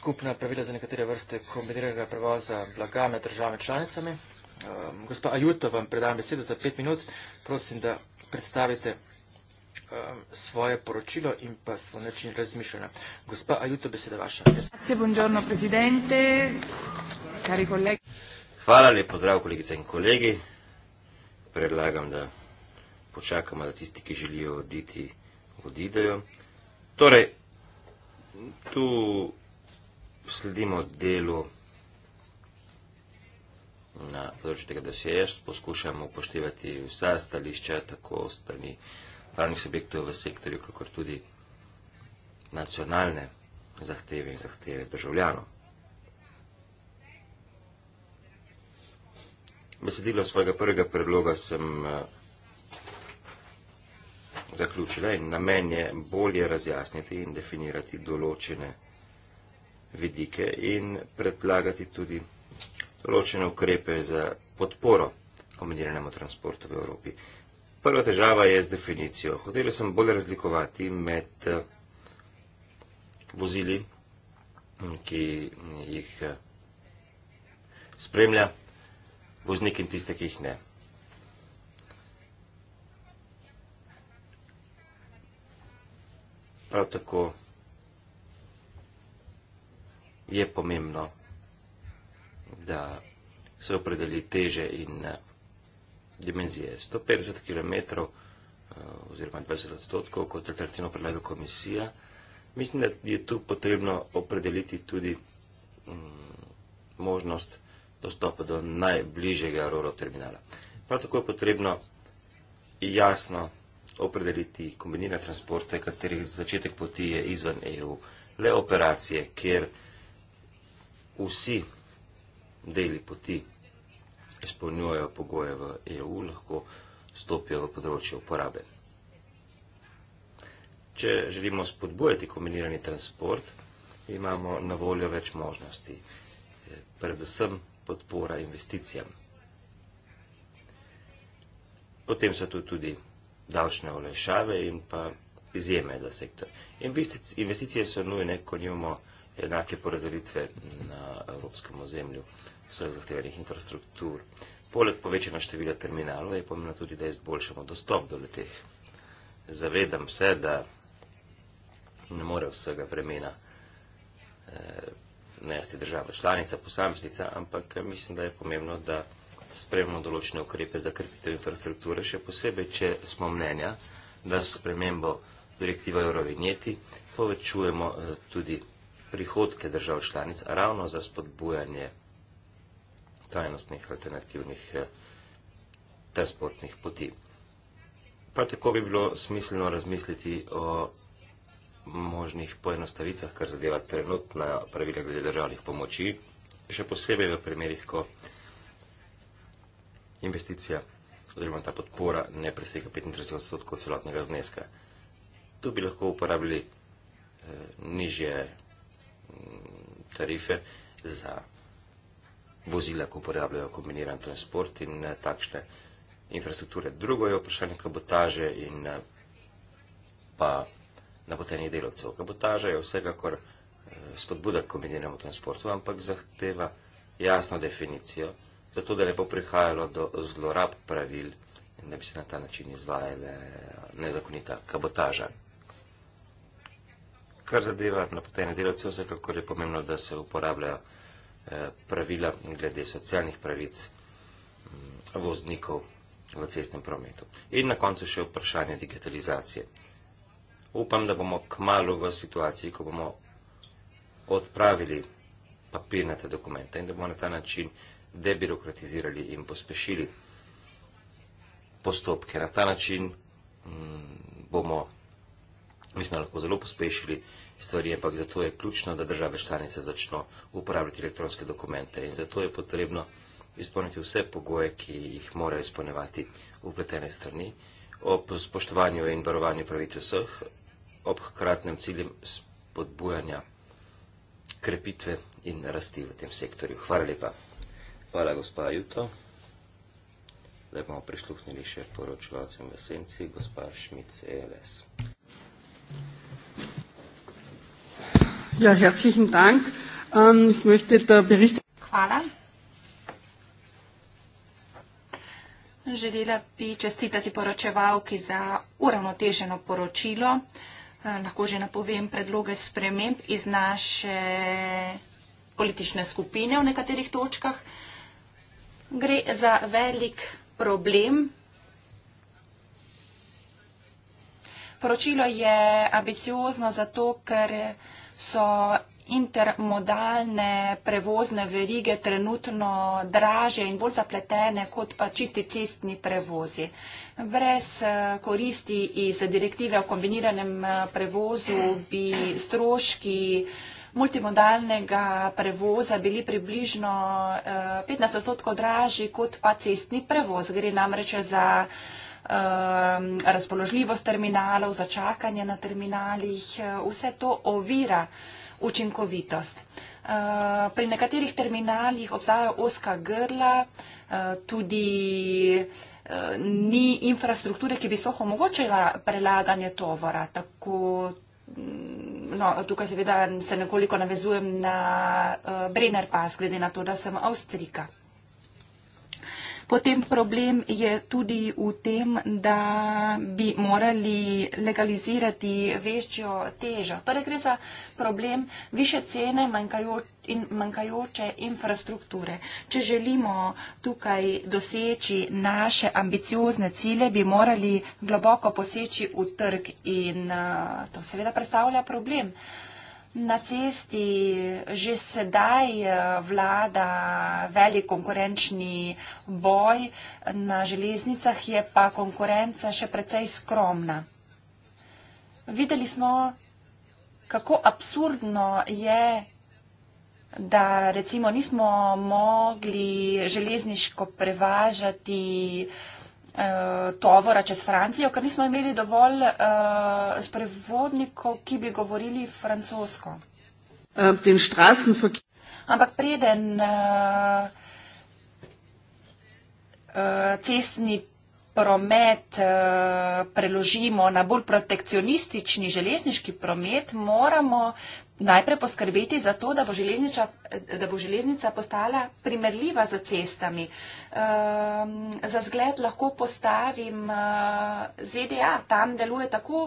skupna pravila za nekatere vrste kombiniranega prevoza blaga med državami članicami. Ehm, gospa Ajuto, vam predam besedo za pet minut. Prosim, da predstavite ehm, svoje poročilo in pa svoj način razmišljanja. Gospa Ajuto, beseda vaša. Hvala lepo, pozdrav kolegice in kolegi. Predlagam, da počakamo, da tisti, ki želijo oditi, odidejo. Torej, tu sledimo delu na področju tega, da se jaz poskušamo upoštevati vsa stališča, tako strani pravnih subjektov v sektorju, kakor tudi nacionalne zahteve in zahteve državljanov. Besedilo svojega prvega predloga sem eh, zaključila in namen je bolje razjasniti in definirati določene vidike in predlagati tudi določene ukrepe za podporo kombiniranemu transportu v Evropi. Prva težava je z definicijo. Hotel sem bolj razlikovati med eh, vozili, ki jih eh, spremlja voznik in tiste, ki jih ne. Prav tako je pomembno, da se opredeli teže in eh, dimenzije. 150 km eh, oziroma 20 odstotkov, kot je tretjino predlaga komisija, mislim, da je tu potrebno opredeliti tudi mm, možnost dostopa do najbližjega RORO terminala. Prav tako je potrebno jasno opredeliti kombinirane transporte, katerih začetek poti je izven EU. Le operacije, kjer je vsi deli poti izpolnjujejo pogoje v EU, lahko stopijo v področje uporabe. Če želimo spodbujati kombinirani transport, imamo na voljo več možnosti, eh, predvsem podpora investicijam. Potem so tu tudi davčne olajšave in pa izjeme za sektor. Investicije so nujne, ko nimamo enake porazdelitve na evropskem ozemlju vseh zahtevanih infrastruktur. Poleg povečanja števila terminalov je pomembno tudi, da izboljšamo dostop do leteh. Zavedam se, da ne more vsega vremena eh, nesti država članica, posameznica, ampak mislim, da je pomembno, da spremljamo določene ukrepe za krepitev infrastrukture, še posebej, če smo mnenja, da s spremembo direktiva Eurovinjeti povečujemo eh, tudi prihodke držav članic ravno za spodbujanje tajnostnih alternativnih eh, transportnih poti. Prav tako bi bilo smiselno razmisliti o možnih poenostavicah, kar zadeva trenutna pravila glede državnih pomoči, še posebej v primerih, ko investicija oziroma ta podpora ne presega 35 odstotkov celotnega zneska. Tu bi lahko uporabili eh, nižje tarife za vozila, ko uporabljajo kombiniran transport in eh, takšne infrastrukture. Drugo je vprašanje kabotaže in eh, pa napotenih delovcev. Kabotaža je vsekakor eh, spodbuda k kombiniranemu transportu, ampak zahteva jasno definicijo, zato da ne bo prihajalo do zlorab pravil in da bi se na ta način izvajale nezakonita kabotaža kar zadeva napotene delavce, vsekakor je pomembno, da se uporabljajo eh, pravila glede socialnih pravic mm, voznikov v cestnem prometu. In na koncu še vprašanje digitalizacije. Upam, da bomo kmalo v situaciji, ko bomo odpravili papirnate dokumente in da bomo na ta način debirokratizirali in pospešili postopke. Na ta način mm, bomo mislim, da lahko zelo pospešili stvari, ampak zato je ključno, da države članice začno uporabljati elektronske dokumente in zato je potrebno izpolniti vse pogoje, ki jih morajo izpolnevati upletene strani, ob spoštovanju in varovanju pravic vseh, ob hkratnem ciljem spodbujanja krepitve in rasti v tem sektorju. Hvala lepa. Hvala, gospa Juto. Zdaj bomo prisluhnili še poročevalcem v senci, gospa Šmit, ELS. Ja, herzlichen Dank. Ähm, ich möchte der Bericht. Hvala. Želela bi čestitati poročevalki za uravnoteženo poročilo. Eh, lahko že napovem predloge sprememb iz naše politične skupine v nekaterih točkah. Gre za velik problem, Poročilo je ambiciozno zato, ker so intermodalne prevozne verige trenutno draže in bolj zapletene kot pa čisti cestni prevozi. Brez eh, koristi iz direktive o kombiniranem eh, prevozu bi stroški multimodalnega prevoza bili približno 15 eh, odstotkov draži kot pa cestni prevoz. Gre namreč za Um, razpoložljivost terminalov, začakanje na terminalih, uh, vse to ovira učinkovitost. Uh, pri nekaterih terminalih obstajajo oska grla, uh, tudi ni infrastrukture, ki bi sploh omogočila prelaganje tovora. Tako, mm, no, tukaj seveda se nekoliko navezujem na Brenner pas, glede na to, da sem Avstrika. Potem problem je tudi v tem, da bi morali legalizirati večjo težo. Torej gre za problem više cene in manjkajoče infrastrukture. Če želimo tukaj doseči naše ambiciozne cilje, bi morali globoko poseči v trg in eh, to seveda predstavlja problem. Na cesti že sedaj eh, vlada velik konkurenčni boj, na železnicah je pa konkurenca še precej skromna. Videli smo, kako absurdno je, da recimo nismo mogli železniško prevažati uh, Eh, tovora čez Francijo, ker nismo imeli dovolj uh, sprevodnikov, ki bi govorili francosko. Ähm, Ampak preden uh, uh, cestni promet uh, preložimo na bolj protekcionistični železniški promet, moramo najprej poskrbeti za to, da bo, da bo železnica postala primerljiva za cestami. Um, za zgled lahko postavim uh, eh, ZDA, tam deluje tako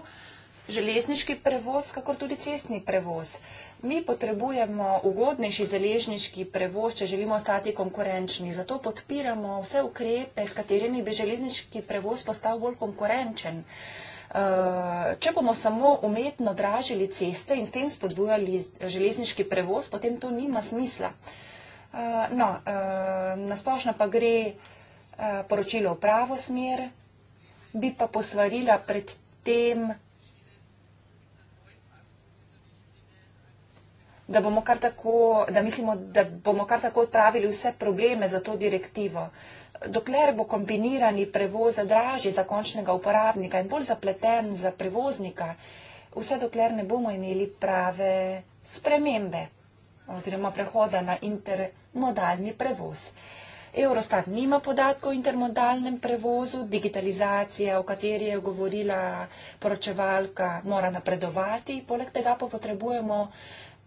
železniški prevoz, kakor tudi cestni prevoz. Mi potrebujemo ugodnejši železniški prevoz, če želimo ostati konkurenčni. Zato podpiramo vse ukrepe, s katerimi bi železniški prevoz postal bolj konkurenčen. Uh, Eh, če bomo samo umetno dražili ceste in s tem spodbujali železniški prevoz, potem to nima smisla. Eh, no, eh, nasplošno pa gre poročilo v pravo smer, bi pa posvarila pred tem, da bomo kar tako, da mislimo, da bomo kar tako odpravili vse probleme za to direktivo dokler bo kombinirani prevoz dražji za končnega uporabnika in bolj zapleten za prevoznika, vse dokler ne bomo imeli prave spremembe oziroma prehoda na intermodalni prevoz. Eurostat nima podatkov o intermodalnem prevozu, digitalizacija, o kateri je govorila poročevalka, mora napredovati, poleg tega pa potrebujemo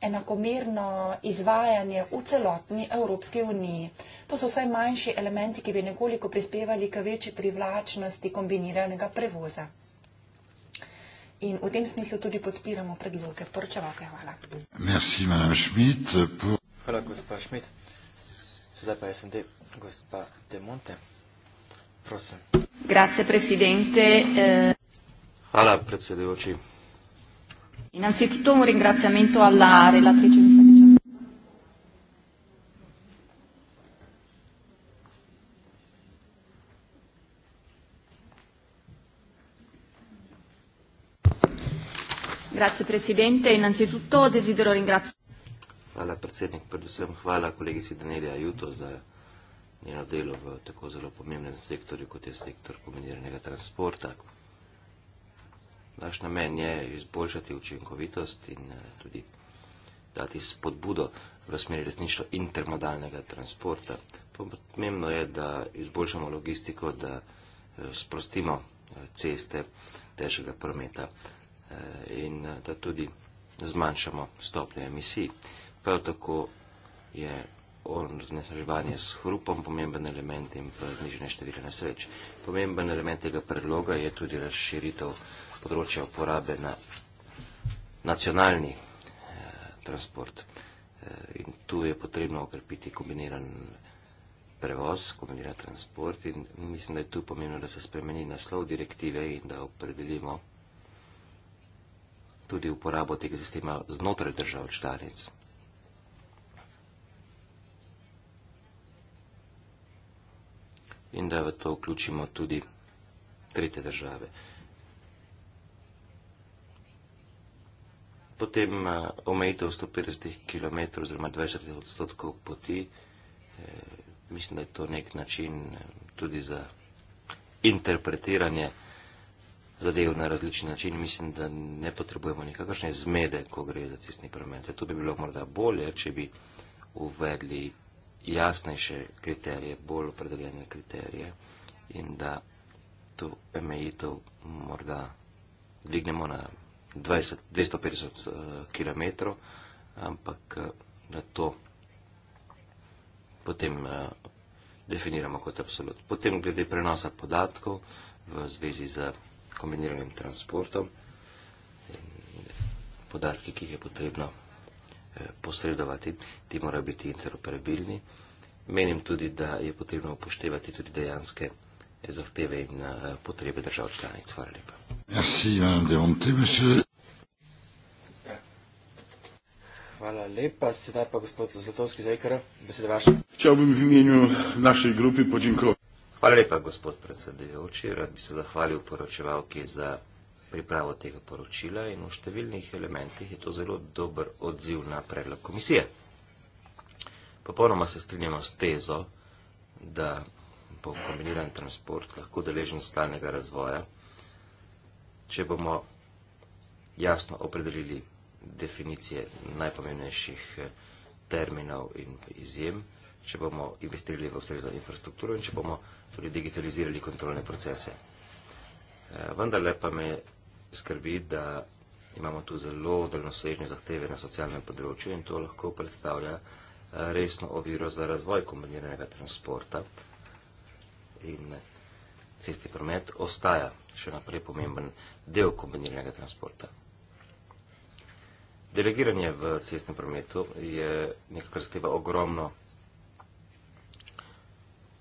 enakomerno izvajanje v celotni Evropski uniji. To so vsaj manjši elementi, ki bi nekoliko prispevali k večji privlačnosti kombiniranega prevoza. In v tem smislu tudi podpiramo predloge. Poročevalke, hvala. Merci, madame Schmidt. Hvala, gospa Schmidt. Sedaj pa SND, gospa De Monte. Prosim. Grazie, presidente. Eh, hvala, predsedujoči. Innanzitutto un ringraziamento alla relatrice. Grazie Presidente, innanzitutto desidero ringraziare. Hvala predsednik, predvsem hvala kolegici Danieli Ajuto za njeno delo v tako zelo pomembnem sektorju, kot je sektor kombiniranega transporta. Naš namen je izboljšati učinkovitost in eh, tudi dati spodbudo v smeri resnično intermodalnega transporta. Pomembno je, da izboljšamo logistiko, da eh, sprostimo eh, ceste težkega prometa in da tudi zmanjšamo stopnje emisij. Prav tako je onesnaževanje s hrupom pomemben element in znižanje števila nesreč. Pomemben element tega predloga je tudi razširitev področja uporabe na nacionalni eh, transport. Eh, in tu je potrebno okrepiti kombiniran prevoz, kombiniran transport in mislim, da je tu pomembno, da se spremeni naslov direktive in da opredelimo tudi uporabo tega sistema znotraj držav članic. In da v to vključimo tudi tretje države. potem eh, omejitev 150 km oziroma 20 odstotkov poti. Eh, mislim, da je to nek način eh, tudi za interpretiranje zadev na različen način. Mislim, da ne potrebujemo nikakršne zmede, ko gre za cestni promet. To bi bilo morda bolje, če bi uvedli jasnejše kriterije, bolj opredeljene kriterije in da to omejitev morda dvignemo na 20, 250 uh, km, ampak uh, na to potem uh, definiramo kot absolut. Potem glede prenosa podatkov v zvezi z kombiniranim transportom, podatki, ki jih je potrebno uh, posredovati, ti morajo biti interoperabilni. Menim tudi, da je potrebno upoštevati tudi dejanske zahteve in eh, potrebe držav članic. Hvala lepa. Merci, Hvala lepa. Sedaj pa gospod Zlatovski za IKR. E Beseda vaša. Čeo bi v imenju naše grupi počinkov. Hvala lepa, gospod predsedujoči. Rad bi se zahvalil poročevalki za pripravo tega poročila in v številnih elementih je to zelo dober odziv na predlog komisije. Popolnoma se strinjamo s tezo, da bo kombiniran transport lahko deležen stalnega razvoja, če bomo jasno opredelili definicije najpomembnejših eh, terminov in izjem, če bomo investirali v ustrezno infrastrukturo in če bomo tudi digitalizirali kontrolne procese. Eh, vendarle pa me skrbi, da imamo tu zelo daljnosežne zahteve na socialnem področju in to lahko predstavlja eh, resno oviro za razvoj kombiniranega transporta mednarodne cesti promet ostaja še naprej pomemben del kombiniranega transporta. Delegiranje v cestnem prometu je nekaj, kar skriva ogromno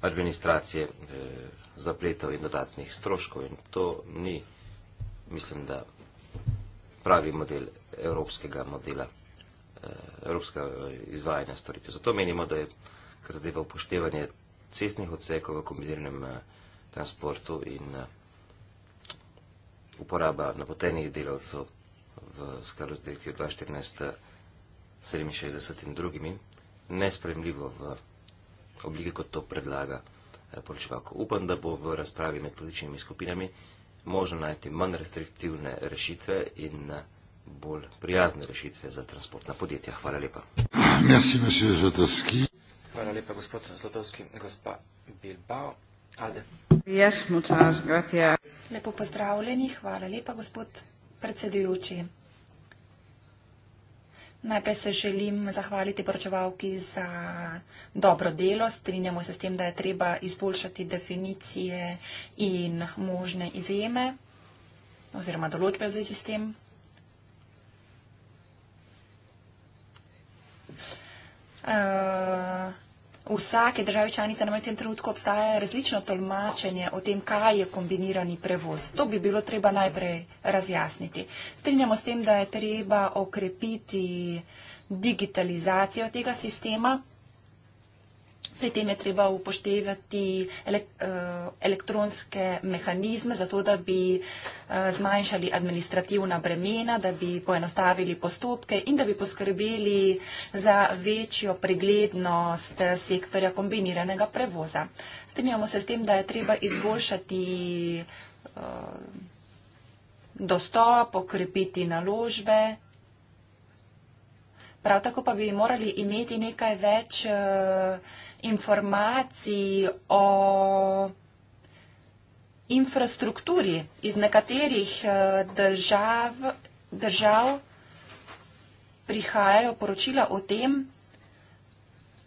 administracije, eh, zapletov in dodatnih stroškov in to ni, mislim, da pravi model evropskega modela, eh, evropskega eh, izvajanja storitev. Zato menimo, da je, kar zadeva upoštevanje cestnih odsekov v kombiniranem eh, transportu in eh, uporaba napotenih delavcev v skladu z direktivo 2014-67 in drugimi, nespremljivo v obliki, kot to predlaga eh, poročevalko. Upam, da bo v razpravi med političnimi skupinami možno najti manj restriktivne rešitve in bolj prijazne rešitve za transportna podjetja. Hvala lepa. Merci, monsieur Zotovski. Hvala lepa, gospod Zlotovski. Gospa Bilbao, Ade. Yes, muchas gracias. Lepo pozdravljeni, hvala lepa, gospod predsedujoči. Najprej se želim zahvaliti poročevalki za dobro delo. Strinjamo se s tem, da je treba izboljšati definicije in možne izjeme oziroma določbe v zvezi s tem. Uh, vsake države članice namreč v tem trenutku obstaja različno tolmačenje o tem, kaj je kombinirani prevoz. To bi bilo treba najprej razjasniti. Strinjamo s tem, da je treba okrepiti digitalizacijo tega sistema, Pri tem je treba upoštevati eh, elektronske mehanizme, zato da bi eh, zmanjšali administrativna bremena, da bi poenostavili postopke in da bi poskrbeli za večjo preglednost eh, sektorja kombiniranega prevoza. Strinjamo se s tem, da je treba izboljšati dostop, okrepiti naložbe. Prav tako pa bi morali imeti nekaj več uh, informacij o infrastrukturi iz nekaterih eh, držav, držav prihajajo poročila o tem,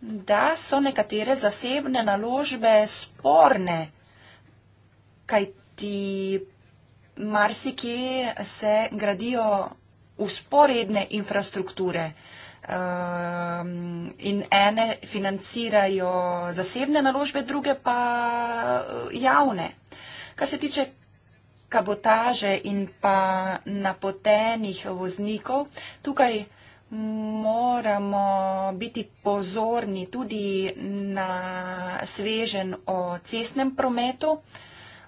da so nekatere zasebne naložbe sporne, kaj ti marsikje se gradijo usporedne infrastrukture um, in ene financirajo zasebne naložbe, druge pa eh, javne. Kar se tiče kabotaže in pa napotenih voznikov, tukaj moramo biti pozorni tudi na svežen o cestnem prometu,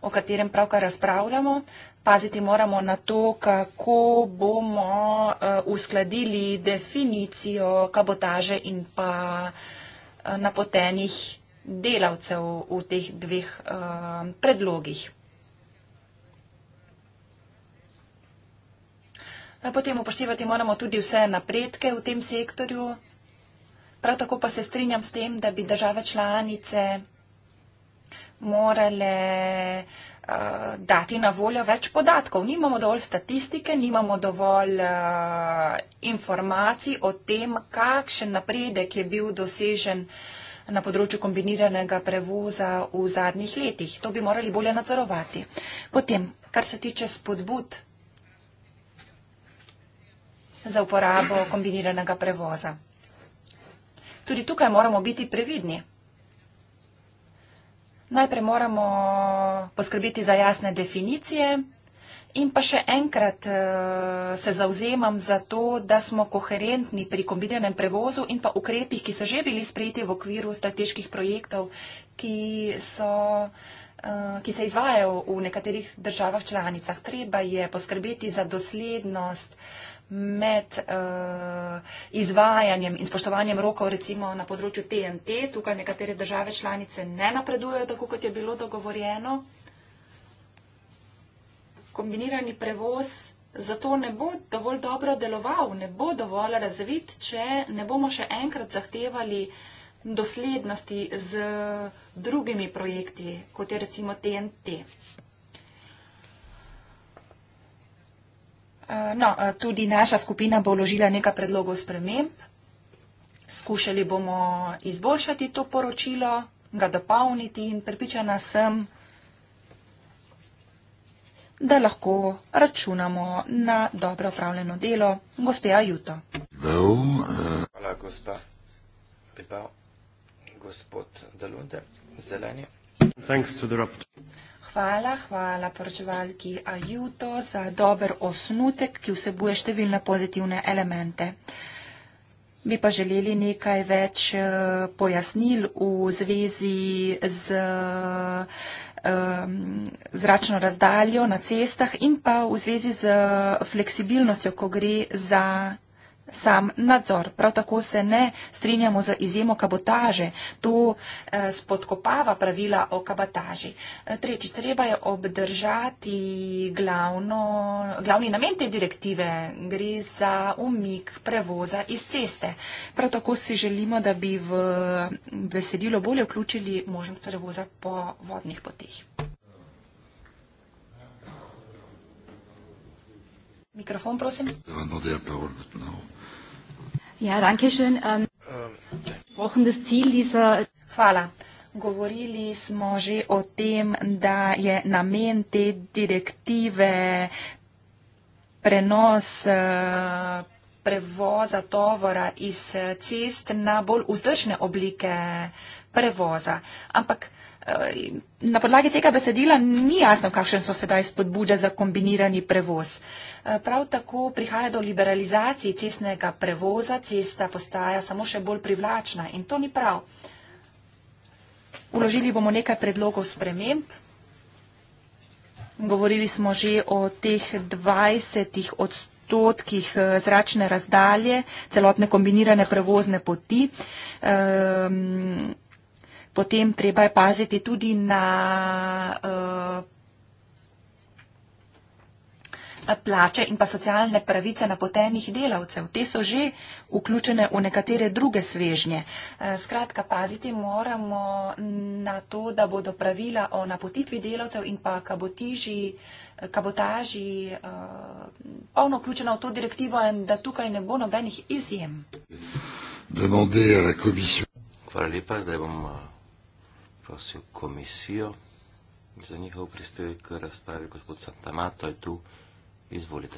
o katerem pravkar razpravljamo paziti moramo na to, kako bomo eh, uskladili definicijo kabotaže in pa eh, napotenih delavcev v teh dveh eh, predlogih. Potem upoštevati moramo tudi vse napredke v tem sektorju. Prav tako pa se strinjam s tem, da bi države članice morale uh, dati na voljo več podatkov. Nimamo dovolj statistike, nimamo dovolj uh, informacij o tem, kakšen napredek je bil dosežen na področju kombiniranega prevoza v zadnjih letih. To bi morali bolje nadzorovati. Potem, kar se tiče spodbud za uporabo kombiniranega prevoza. Tudi tukaj moramo biti previdni. Najprej moramo poskrbeti za jasne definicije in pa še enkrat eh, se zauzemam za to, da smo koherentni pri kombiniranem prevozu in pa ukrepih, ki so že bili sprejeti v okviru strateških projektov, ki, so, eh, ki se izvajajo v nekaterih državah članicah. Treba je poskrbeti za doslednost med uh, izvajanjem in spoštovanjem rokov, recimo na področju TNT, tukaj nekatere države članice ne napredujejo tako, kot je bilo dogovorjeno. Kombinirani prevoz zato ne bo dovolj dobro deloval, ne bo dovolj razvit, če ne bomo še enkrat zahtevali doslednosti z drugimi projekti, kot je recimo TNT. Eh, no, eh, tudi naša skupina bo vložila nekaj predlogov sprememb. Skušali bomo izboljšati to poročilo, ga dopolniti in pripričana sem, da lahko računamo na dobro upravljeno delo. Gospe Ajuto. Eh. Hvala, gospa Pipa, gospod Dalunde, zelenje. Hvala, hvala poročevalki Ajuto za dober osnutek, ki vsebuje številne pozitivne elemente. Bi pa želeli nekaj več eh, pojasnil v zvezi z eh, zračno razdaljo na cestah in pa v zvezi z fleksibilnostjo, ko gre za sam nadzor. Prav tako se ne strinjamo z izjemo kabotaže. To eh, spodkopava pravila o kabotaži. Eh, tretjič, treba je obdržati glavno, glavni namen te direktive. Gre za umik prevoza iz ceste. Prav tako si želimo, da bi v besedilo bolje vključili možnost prevoza po vodnih poteh. Mikrofon, prosim. No, Ja, danke schön. Ähm, das Ziel dieser Hvala. Govorili smo že o tem, da je namen te direktive prenos eh, prevoza tovora iz cest na bolj vzdržne oblike prevoza. Ampak eh, na podlagi tega besedila ni jasno, kakšne so sedaj spodbude za kombinirani prevoz. Prav tako prihaja do liberalizacije cestnega prevoza, cesta postaja samo še bolj privlačna in to ni prav. Uložili bomo nekaj predlogov sprememb. Govorili smo že o teh 20 odstotkih eh, zračne razdalje, celotne kombinirane prevozne poti. Ehm, potem treba je paziti tudi na eh, plače in pa socialne pravice napotenih delavcev. Te so že vključene v nekatere druge svežnje. Eh, skratka, paziti moramo na to, da bodo pravila o napotitvi delavcev in pa kabotiži, eh, kabotaži eh, polno vključena v to direktivo in da tukaj ne bo nobenih izjem. Hvala lepa, zdaj bom prosil komisijo za njihov pristojek k razpravi. Gospod Santamato je tu. Izvolite.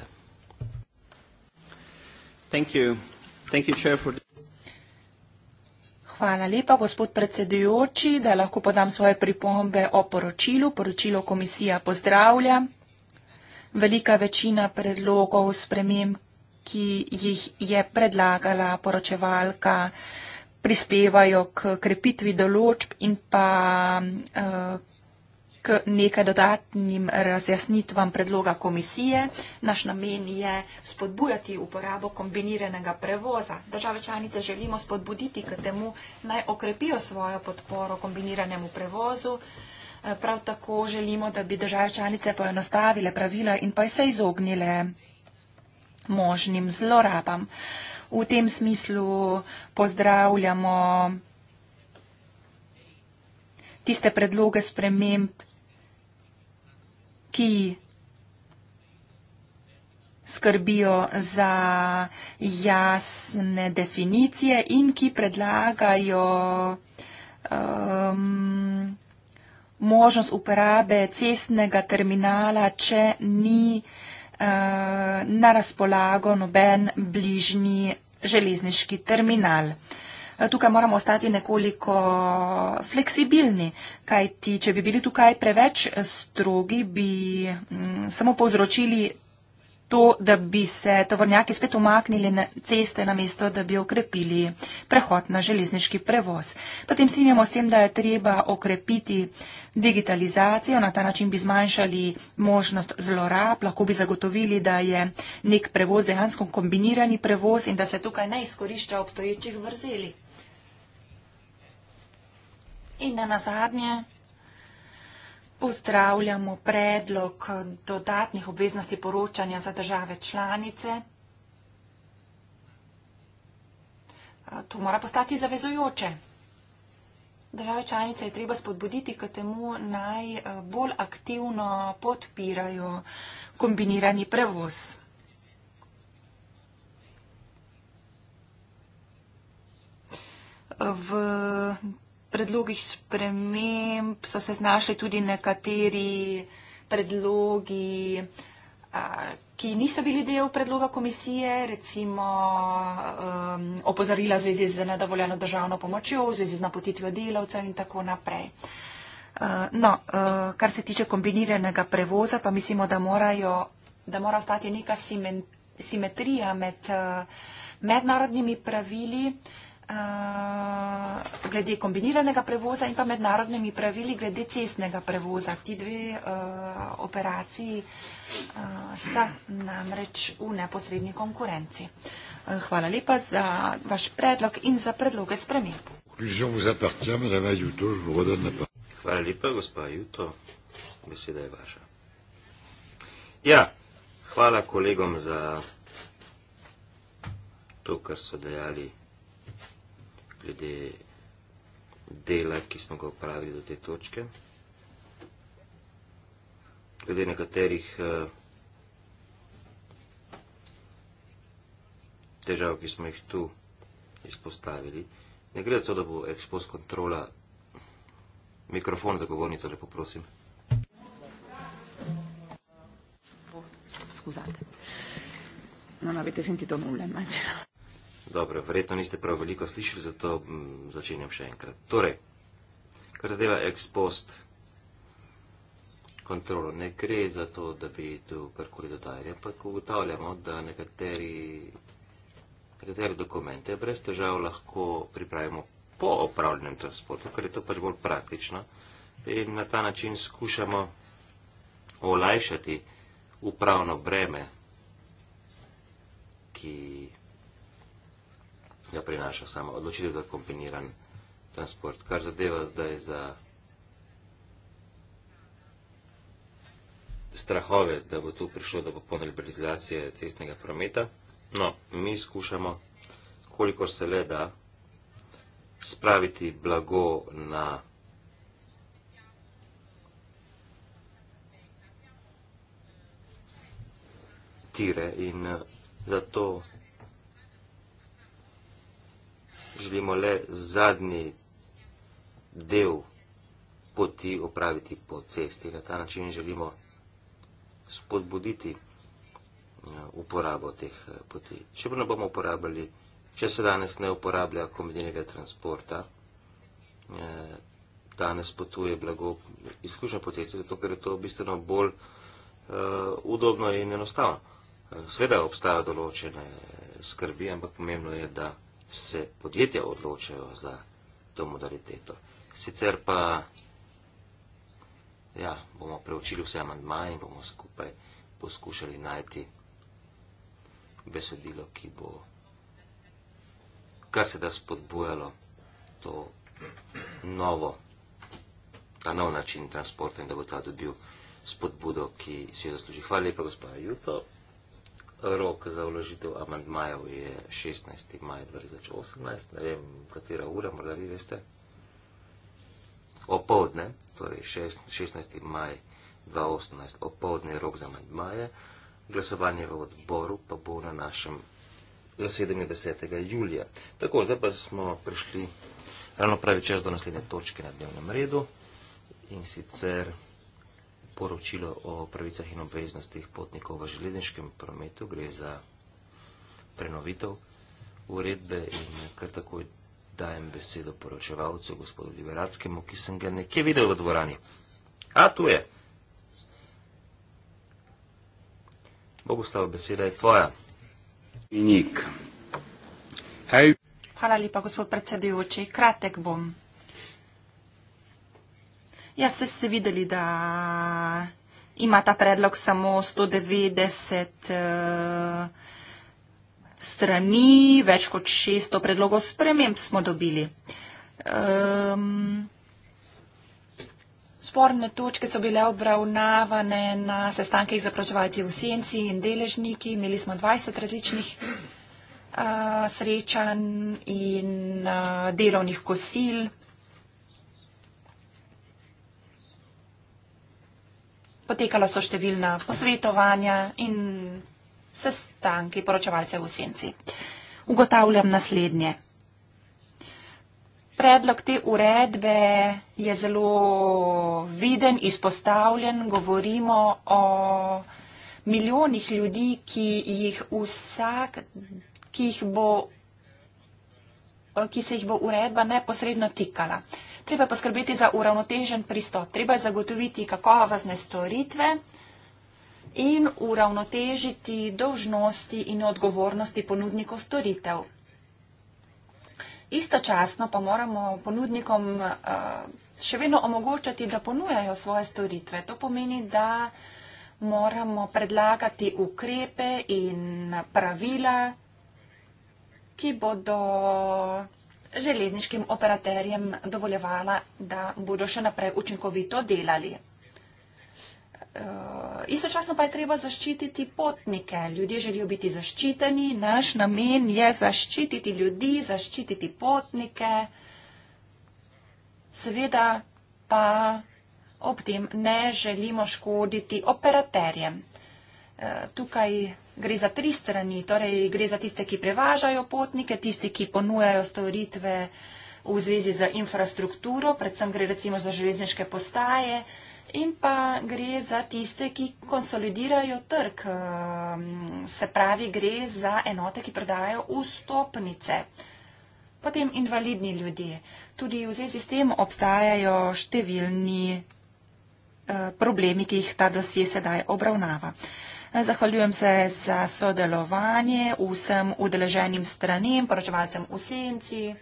Hvala lepa, gospod predsedujoči, da lahko podam svoje pripombe o poročilu. Poročilo komisija pozdravlja. Velika večina predlogov sprememb, ki jih je predlagala poročevalka, prispevajo k krepitvi določb in pa uh, k nekaj dodatnim razjasnitvam predloga komisije. Naš namen je spodbujati uporabo kombiniranega prevoza. Države članice želimo spodbuditi k temu, naj okrepijo svojo podporo kombiniranemu prevozu. Eh, prav tako želimo, da bi države članice poenostavile pravila in pa se izognile možnim zlorabam. V tem smislu pozdravljamo tiste predloge sprememb, ki skrbijo za jasne definicije in ki predlagajo um, možnost uporabe cestnega terminala, če ni uh, na razpolago noben bližnji železniški terminal. Uh, tukaj moramo ostati nekoliko fleksibilni, kajti če bi bili tukaj preveč eh, strogi, bi mm, samo povzročili to, da bi se tovornjaki spet umaknili na ceste na mesto, da bi okrepili prehod na železniški prevoz. Potem strinjamo s tem, da je treba okrepiti digitalizacijo, na ta način bi zmanjšali možnost zlorab, lahko bi zagotovili, da je nek prevoz dejansko kombinirani prevoz in da se tukaj ne izkorišča obstoječih vrzeli. In na nazadnje pozdravljamo predlog dodatnih obveznosti poročanja za države članice. To mora postati zavezujoče. Države članice je treba spodbuditi k temu naj bolj aktivno podpirajo kombinirani prevoz. V predlogih sprememb so se znašli tudi nekateri predlogi, ki niso bili del predloga komisije, recimo um, opozorila v zvezi z nedovoljeno državno pomočjo, v zvezi z napotitvijo delavcev in tako naprej. E, no, e, kar se tiče kombiniranega prevoza, pa mislimo, da, morajo, da mora ostati neka simetrija med e, mednarodnimi pravili, Eh, glede kombiniranega prevoza in pa mednarodnimi pravili glede cestnega prevoza. Ti dve uh, operaciji uh, sta namreč v neposredni konkurenci. Hvala lepa za vaš predlog in za predloge sprememb. Hvala lepa, gospa Juto. Beseda je vaša. Ja, hvala kolegom za to, kar so dejali glede dela, ki smo ga upravili do te točke. Glede nekaterih eh, težav, ki smo jih tu izpostavili. Ne gre to, da bo ekspos kontrola mikrofon za govornico, lepo prosim. Oh, scusate. Non avete sentito nulla, immagino. Dobro, verjetno niste prav veliko slišali, zato mm, začenjam še enkrat. Torej, kar zadeva ex post kontrolo, ne gre za to, da bi tu karkoli dodajali, ampak ugotavljamo, da nekateri, nekateri dokumente brez težav lahko pripravimo po opravljenem transportu, ker je to pač bolj praktično in na ta način skušamo olajšati upravno breme, ki ga prinaša sama odločitev za kombiniran transport. Kar zadeva zdaj za strahove, da bo tu prišlo do popolne liberalizacije cestnega prometa. No, mi skušamo, kolikor se le da, spraviti blago na tire in eh, zato želimo le zadnji del poti opraviti po cesti. Na ta način želimo spodbuditi eh, uporabo teh eh, poti. Če pa ne bomo uporabljali, če se danes ne uporablja komedijnega transporta, eh, danes potuje blago izključno po cesti, zato ker je to bistveno bolj udobno in enostavno. Sveda obstajajo določene skrbi, ampak pomembno je, da se podjetja odločajo za to modaliteto. Sicer pa ja, bomo preučili vse amandmaje in bomo skupaj poskušali najti besedilo, ki bo kar se da spodbujalo to novo, ta nov način transporta in da bo ta dobil spodbudo, ki si jo zasluži. Hvala lepa, gospod Juto rok za vložitev amandmajev je 16. maj 2018, ne vem, katera ura, morda vi veste. Opovdne, torej 16. maj 2018, opovdne je rok za amandmaje, glasovanje v odboru pa bo na našem zasedanju 10. julija. Tako, zdaj pa smo prišli ravno pravi čas do naslednje točke na dnevnem redu in sicer poročilo o pravicah in obveznostih potnikov v železniškem prometu, gre za prenovitev uredbe in kar takoj dajem besedo poročevalcu, gospodu Liberatskemu, ki sem ga nekje videl v dvorani. A, tu je. Bogoslav, beseda je tvoja. Hvala lepa, gospod predsedujoči. Kratek bom. Ja, ste se videli, da ima ta predlog samo 190 uh, eh, strani, več kot 600 predlogov sprememb smo dobili. Um, Sporne točke so bile obravnavane na sestankih za proževalci v Senci in deležniki. Imeli smo 20 različnih uh, srečanj in uh, delovnih kosil. Potekala so številna posvetovanja in sestanki poročevalcev v senci. Ugotavljam naslednje. Predlog te uredbe je zelo viden, izpostavljen. Govorimo o milijonih ljudi, ki jih vsak, ki, jih bo, ki se jih bo uredba neposredno tikala. Treba je poskrbeti za uravnotežen pristop, treba je zagotoviti kakovazne storitve in uravnotežiti dožnosti in odgovornosti ponudnikov storitev. Istočasno pa moramo ponudnikom eh, še vedno omogočati, da ponujajo svoje storitve. To pomeni, da moramo predlagati ukrepe in pravila, ki bodo železniškim operaterjem dovoljevala, da bodo še naprej učinkovito delali. Eh, istočasno pa je treba zaščititi potnike. Ljudje želijo biti zaščiteni, naš namen je zaščititi ljudi, zaščititi potnike. Seveda pa ob tem ne želimo škoditi operaterjem. Eh, tukaj gre za tri strani. Torej, gre za tiste, ki prevažajo potnike, tisti, ki ponujajo storitve v zvezi z infrastrukturo, predvsem gre recimo za železniške postaje in pa gre za tiste, ki konsolidirajo trg. Um, se pravi, gre za enote, ki prodajajo vstopnice. Potem invalidni ljudje. Tudi v zvezi s tem obstajajo številni eh, problemi, ki jih ta dosje sedaj obravnava. Uh, Zahvaljujem se za sodelovanje vsem udeleženim stranem, poročevalcem v senci.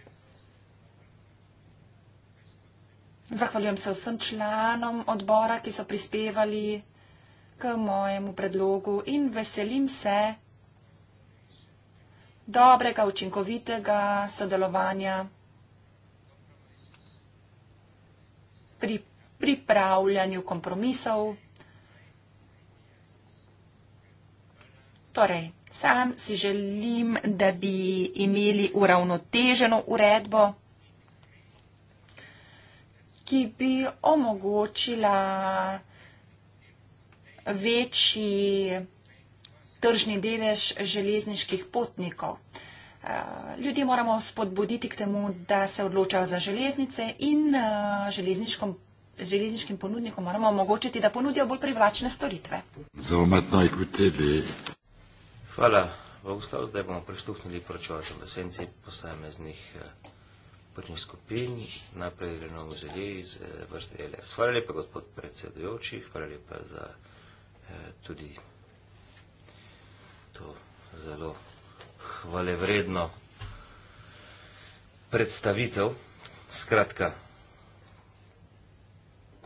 Zahvaljujem se vsem članom odbora, ki so prispevali k mojemu predlogu in veselim se dobrega, učinkovitega sodelovanja pri pripravljanju kompromisov. Torej, sam si želim, da bi imeli uravnoteženo uredbo, ki bi omogočila večji tržni delež železniških potnikov. Eh, ljudje moramo spodbuditi k temu, da se odločajo za železnice in eh, železniškom, železniškim ponudnikom moramo omogočiti, da ponudijo bolj privlačne storitve. Hvala, Bogoslav. Zdaj bomo prisluhnili poročevalcem v esenci posameznih eh, potnih skupin na predeljeno muzeje iz eh, vrste LS. Hvala lepa, gospod predsedujoči, hvala lepa za eh, tudi to zelo hvale vredno predstavitev. Skratka,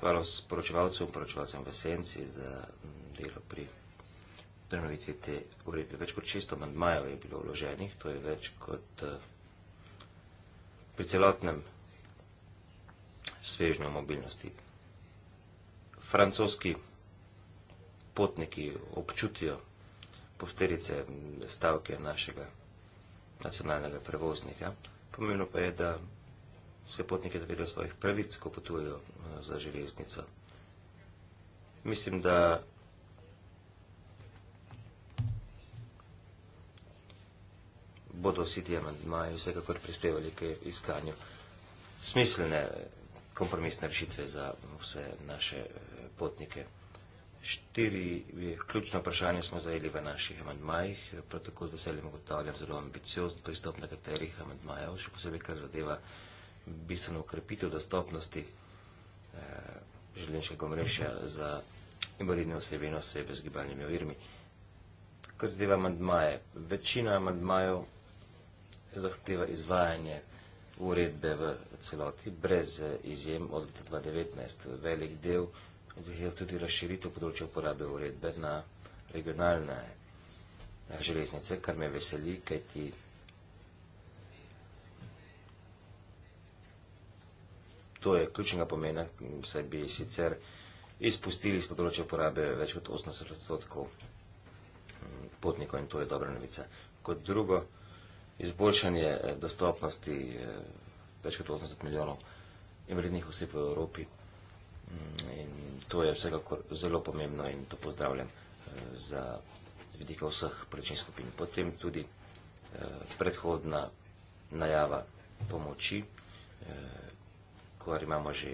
hvala s poročevalcem, poročevalcem v esenci za mm, delo pri muzeju prenoviti te uredbe. Več kot 600 mandmajev je bilo vloženih, to je več kot eh, pri celotnem svežnju mobilnosti. Francoski potniki občutijo posterice stavke našega nacionalnega prevoznika. Pomembno pa je, da se potniki zavedajo svojih pravic, ko potujejo eh, za železnico. Mislim, da bodo vsi ti amantmaji vsekakor prispevali k iskanju smiselne kompromisne rešitve za vse naše eh, potnike. Štiri eh, ključno vprašanje smo zajeli v naših amantmajih, protoko z veseljem ugotavljam zelo ambicioz pristop na katerih amantmajev, še posebej kar zadeva bistveno ukrepitev dostopnosti eh, želenjškega mrešja za invalidne osebe in osebe z gibalnimi ovirmi. Kar zadeva amantmaje, večina amantmajev zahteva izvajanje uredbe v celoti, brez eh, izjem od leta 2019. Velik del zahteva tudi razširitev področja uporabe uredbe na regionalne eh, železnice, kar me veseli, kajti to je ključnega pomena, saj bi sicer izpustili iz področja uporabe več kot 80% mm, potnikov in to je dobra novica. Kot drugo, izboljšanje eh, dostopnosti eh, več kot 80 milijonov invalidnih oseb v Evropi. Mm, in to je vsekakor zelo pomembno in to pozdravljam eh, za vidika vseh prečnih skupin. Potem tudi predhodna najava pomoči, kar imamo že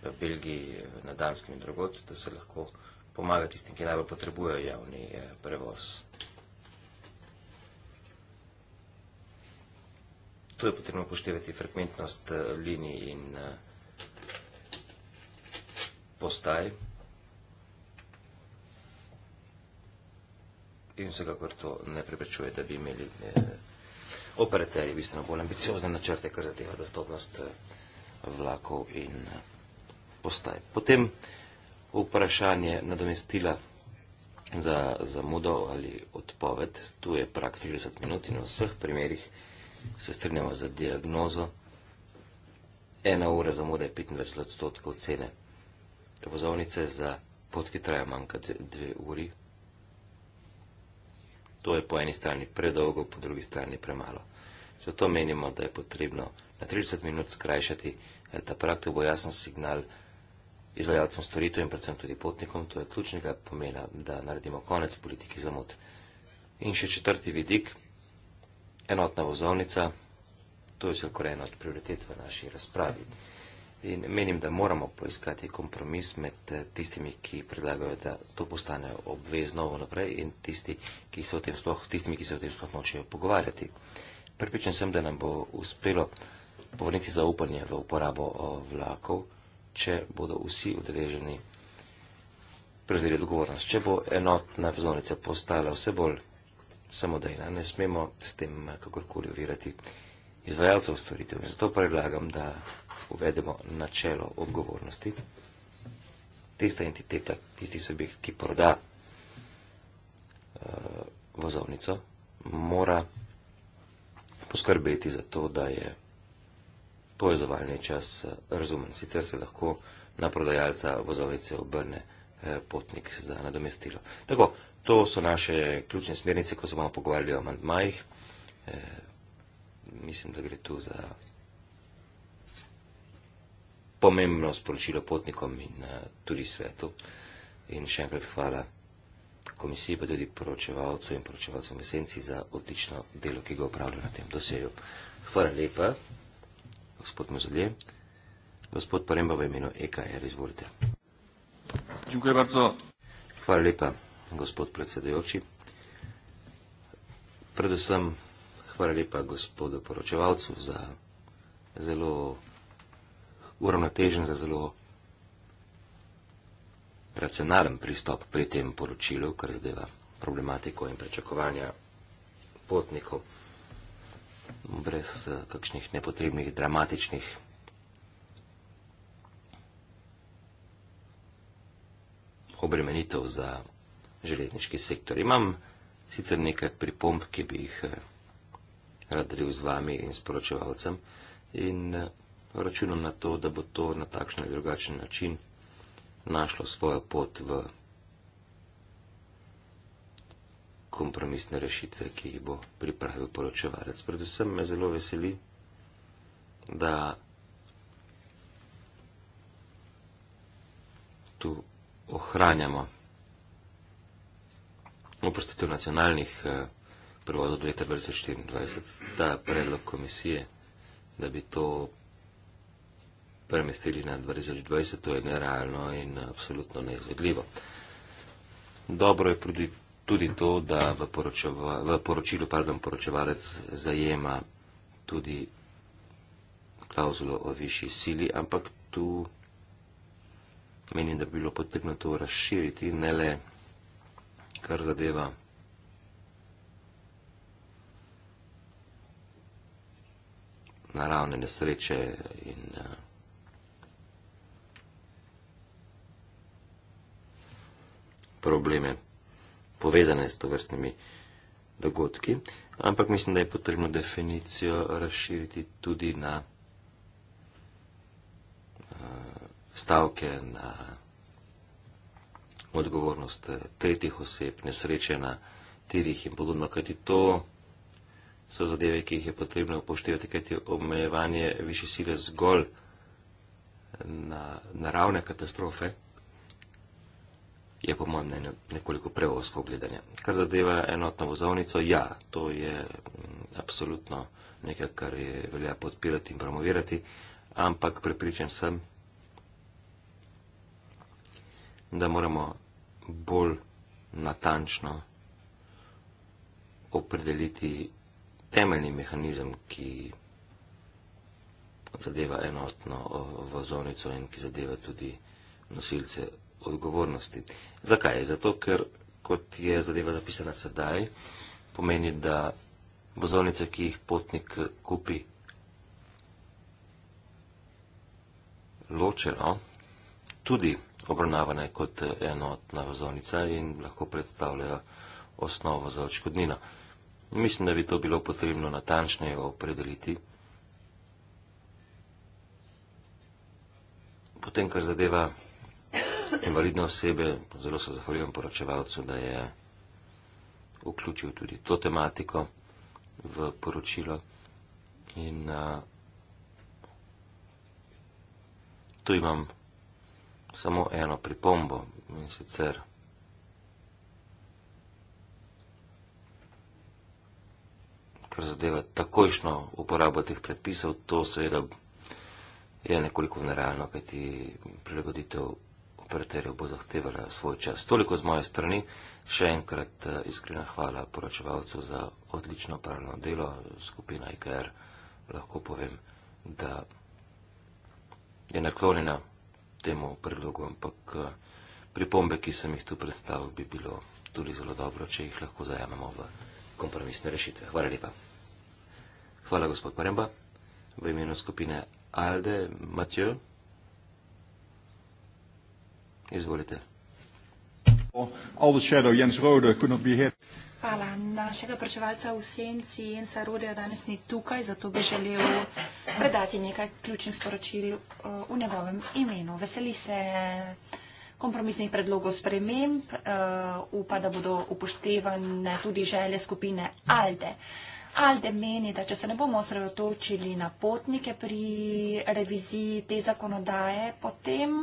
v Belgiji, na Danskem in drugod, da se lahko pomaga tistim, ki najbolj potrebujejo javni prevoz. tu je potrebno upoštevati frekventnost eh, linij in eh, postaj. In vsekakor to ne preprečuje, da bi imeli eh, operaterji bistveno bolj ambiciozne načrte, kar zadeva dostopnost vlakov in postaj. Potem vprašanje nadomestila za zamudo ali odpoved. Tu je prak 30 minut in v vseh primerih se strinjamo za diagnozo. Ena ura zamude je 25 odstotkov cene. Vozovnice za pot, ki traja manjka dve uri. To je po eni strani predolgo, po drugi strani premalo. Zato menimo, da je potrebno na 30 minut skrajšati eh, ta prak, to bo jasen signal izvajalcem storitev in predvsem tudi potnikom. To je ključnega pomena, da naredimo konec politiki zamud. In še četrti vidik, enotna vozovnica, to je vsekakor ena od prioritet v naši razpravi. In menim, da moramo poiskati kompromis med eh, tistimi, ki predlagajo, da to postane obvezno vnaprej in tisti, ki se o tem sploh, tistimi, ki se o tem sploh nočejo pogovarjati. Pripričan sem, da nam bo uspelo povrniti zaupanje v uporabo eh, vlakov, če bodo vsi udeleženi prevzeli odgovornost. Če bo enotna vozovnica postala vse bolj samodejna. Ne smemo s tem kakorkoli ovirati izvajalcev storitev. Zato predlagam, da uvedemo načelo odgovornosti. Tista entiteta, tisti subjekt, ki proda uh, vozovnico, mora poskrbeti za to, da je povezovalni čas eh, razumen. Sicer se lahko na prodajalca vozovice obrne uh, potnik za nadomestilo. Tako, To so naše ključne smernice, ko se bomo pogovarjali o amantmajih. E, mislim, da gre tu za pomembno sporočilo potnikom in e, tudi svetu. In še enkrat hvala komisiji, pa tudi poročevalcu in poročevalcu v esenci za odlično delo, ki ga upravljajo na tem doseju. Hvala lepa, gospod Mozolje. Gospod Paremba v imenu EKR, izvolite. Hvala lepa gospod predsedujoči. Predvsem hvala lepa gospodu poročevalcu za zelo uravnotežen, za zelo racionalen pristop pri tem poročilu, kar zadeva problematiko in prečakovanja potnikov brez eh, kakšnih nepotrebnih, dramatičnih obremenitev za železniški sektor. Imam sicer nekaj pripomb, ki bi jih eh, rad delil z vami in sporočevalcem in eh, računam na to, da bo to na takšen ali drugačen način našlo svojo pot v kompromisne rešitve, ki jih bo pripravil poročevalec. Predvsem me zelo veseli, da tu ohranjamo oprostitev nacionalnih eh, prevozov do leta 2024, ta predlog komisije, da bi to premestili na 2020, to je nerealno in absolutno neizvedljivo. Dobro je tudi, tudi to, da v, poročeva, v poročilu pardon, poročevalec zajema tudi klauzulo o višji sili, ampak tu menim, da bi bilo potrebno to razširiti, ne le kar zadeva naravne nesreče in eh, probleme povezane s tovrstnimi dogodki, ampak mislim, da je potrebno definicijo razširiti tudi na uh, stavke, na odgovornost eh, tretjih oseb, nesreče na tirih in podobno, kajti to so zadeve, ki jih je potrebno upoštevati, kajti omejevanje više sile zgolj na naravne katastrofe je po mojem mnenju nekoliko preosko gledanje. Kar zadeva enotno vozovnico, ja, to je mm, absolutno nekaj, kar je velja podpirati in promovirati, ampak prepričan sem, da moramo bolj natančno opredeliti temeljni mehanizem, ki zadeva enotno eh, vozovnico in ki zadeva tudi nosilce odgovornosti. Zakaj? Zato, ker kot je zadeva zapisana sedaj, pomeni, da vozovnice, ki jih potnik kupi ločeno, tudi obravnavane kot eh, enotna vozovnica in lahko predstavljajo osnovo za očkodnino. Mislim, da bi to bilo potrebno natančneje opredeliti. Potem, kar zadeva invalidne osebe, zelo se zahvaljujem poročevalcu, da je vključil tudi to tematiko v poročilo. In a, eh, tu imam samo eno pripombo in sicer. Kar zadeva takojšno uporabo teh predpisov, to seveda je nekoliko nerealno, kajti prilagoditev operaterjev bo zahtevala svoj čas. Toliko z moje strani, še enkrat eh, iskrena hvala poročevalcu za odlično pravno delo, skupina IKR, lahko povem, da je naklonjena temu predlogu, ampak eh, pripombe, ki sem jih tu predstavil, bi bilo tudi zelo dobro, če jih lahko zajamemo v kompromisne rešitve. Hvala lepa. Hvala, gospod Paremba. V imenu skupine Alde, Matjo. Izvolite. All the shadow, Jens Rode, could not be here. Hvala. Našega prečevalca v senci in sarodeja danes ni tukaj, zato bi želel predati nekaj ključnih sporočil eh, v njegovem imenu. Veseli se kompromisnih predlogov sprememb, eh, upa, da bodo upoštevane tudi želje skupine ALDE. ALDE meni, da če se ne bomo osredotočili na potnike pri reviziji te zakonodaje, potem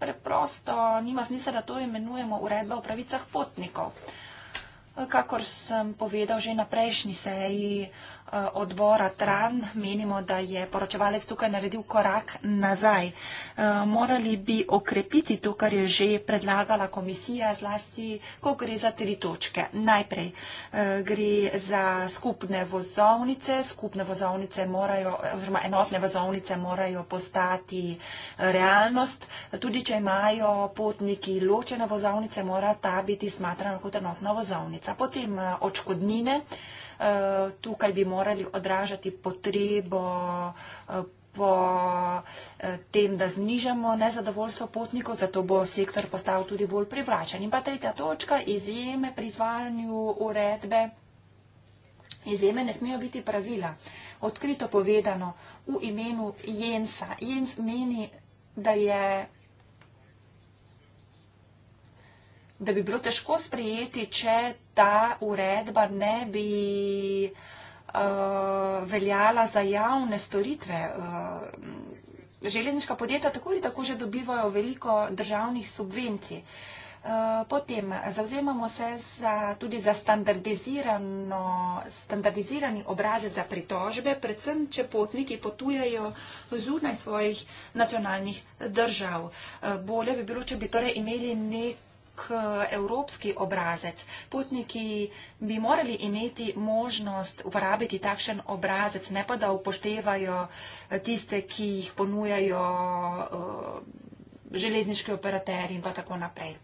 preprosto nima smisla, da to imenujemo uredba o pravicah potnikov. Kakor sem povedal že na prejšnji seji Eh, odbora Tran menimo, da je poročevalec tukaj naredil korak nazaj. Eh, morali bi okrepiti to, kar je že predlagala komisija, zlasti, ko gre za tri točke. Najprej eh, gre za skupne vozovnice, skupne vozovnice morajo, oziroma enotne vozovnice morajo postati realnost. Tudi, če imajo potniki ločene vozovnice, mora ta biti smatrana kot enotna vozovnica. Potem očkodnine. Eh, tukaj bi morali odražati potrebo eh, po eh, tem, da znižamo nezadovoljstvo potnikov, zato bo sektor postal tudi bolj privlačen. In pa tretja točka, izjeme pri izvajanju uredbe. Izjeme ne smejo biti pravila. Odkrito povedano, v imenu Jensa. Jens meni, da je da bi bilo težko sprijeti, če ta uredba ne bi uh, veljala za javne storitve. Uh, železniška podjetja tako ali tako že dobivajo veliko državnih subvencij. Uh, potem zauzemamo se za, tudi za standardizirani obrazec za pritožbe, predvsem, če potniki potujejo zunaj svojih nacionalnih držav. Uh, bolje bi bilo, če bi torej imeli nek nek evropski obrazec. Potniki bi morali imeti možnost uporabiti takšen obrazec, ne pa da upoštevajo tiste, ki jih ponujajo eh, železniški operateri in pa tako naprej.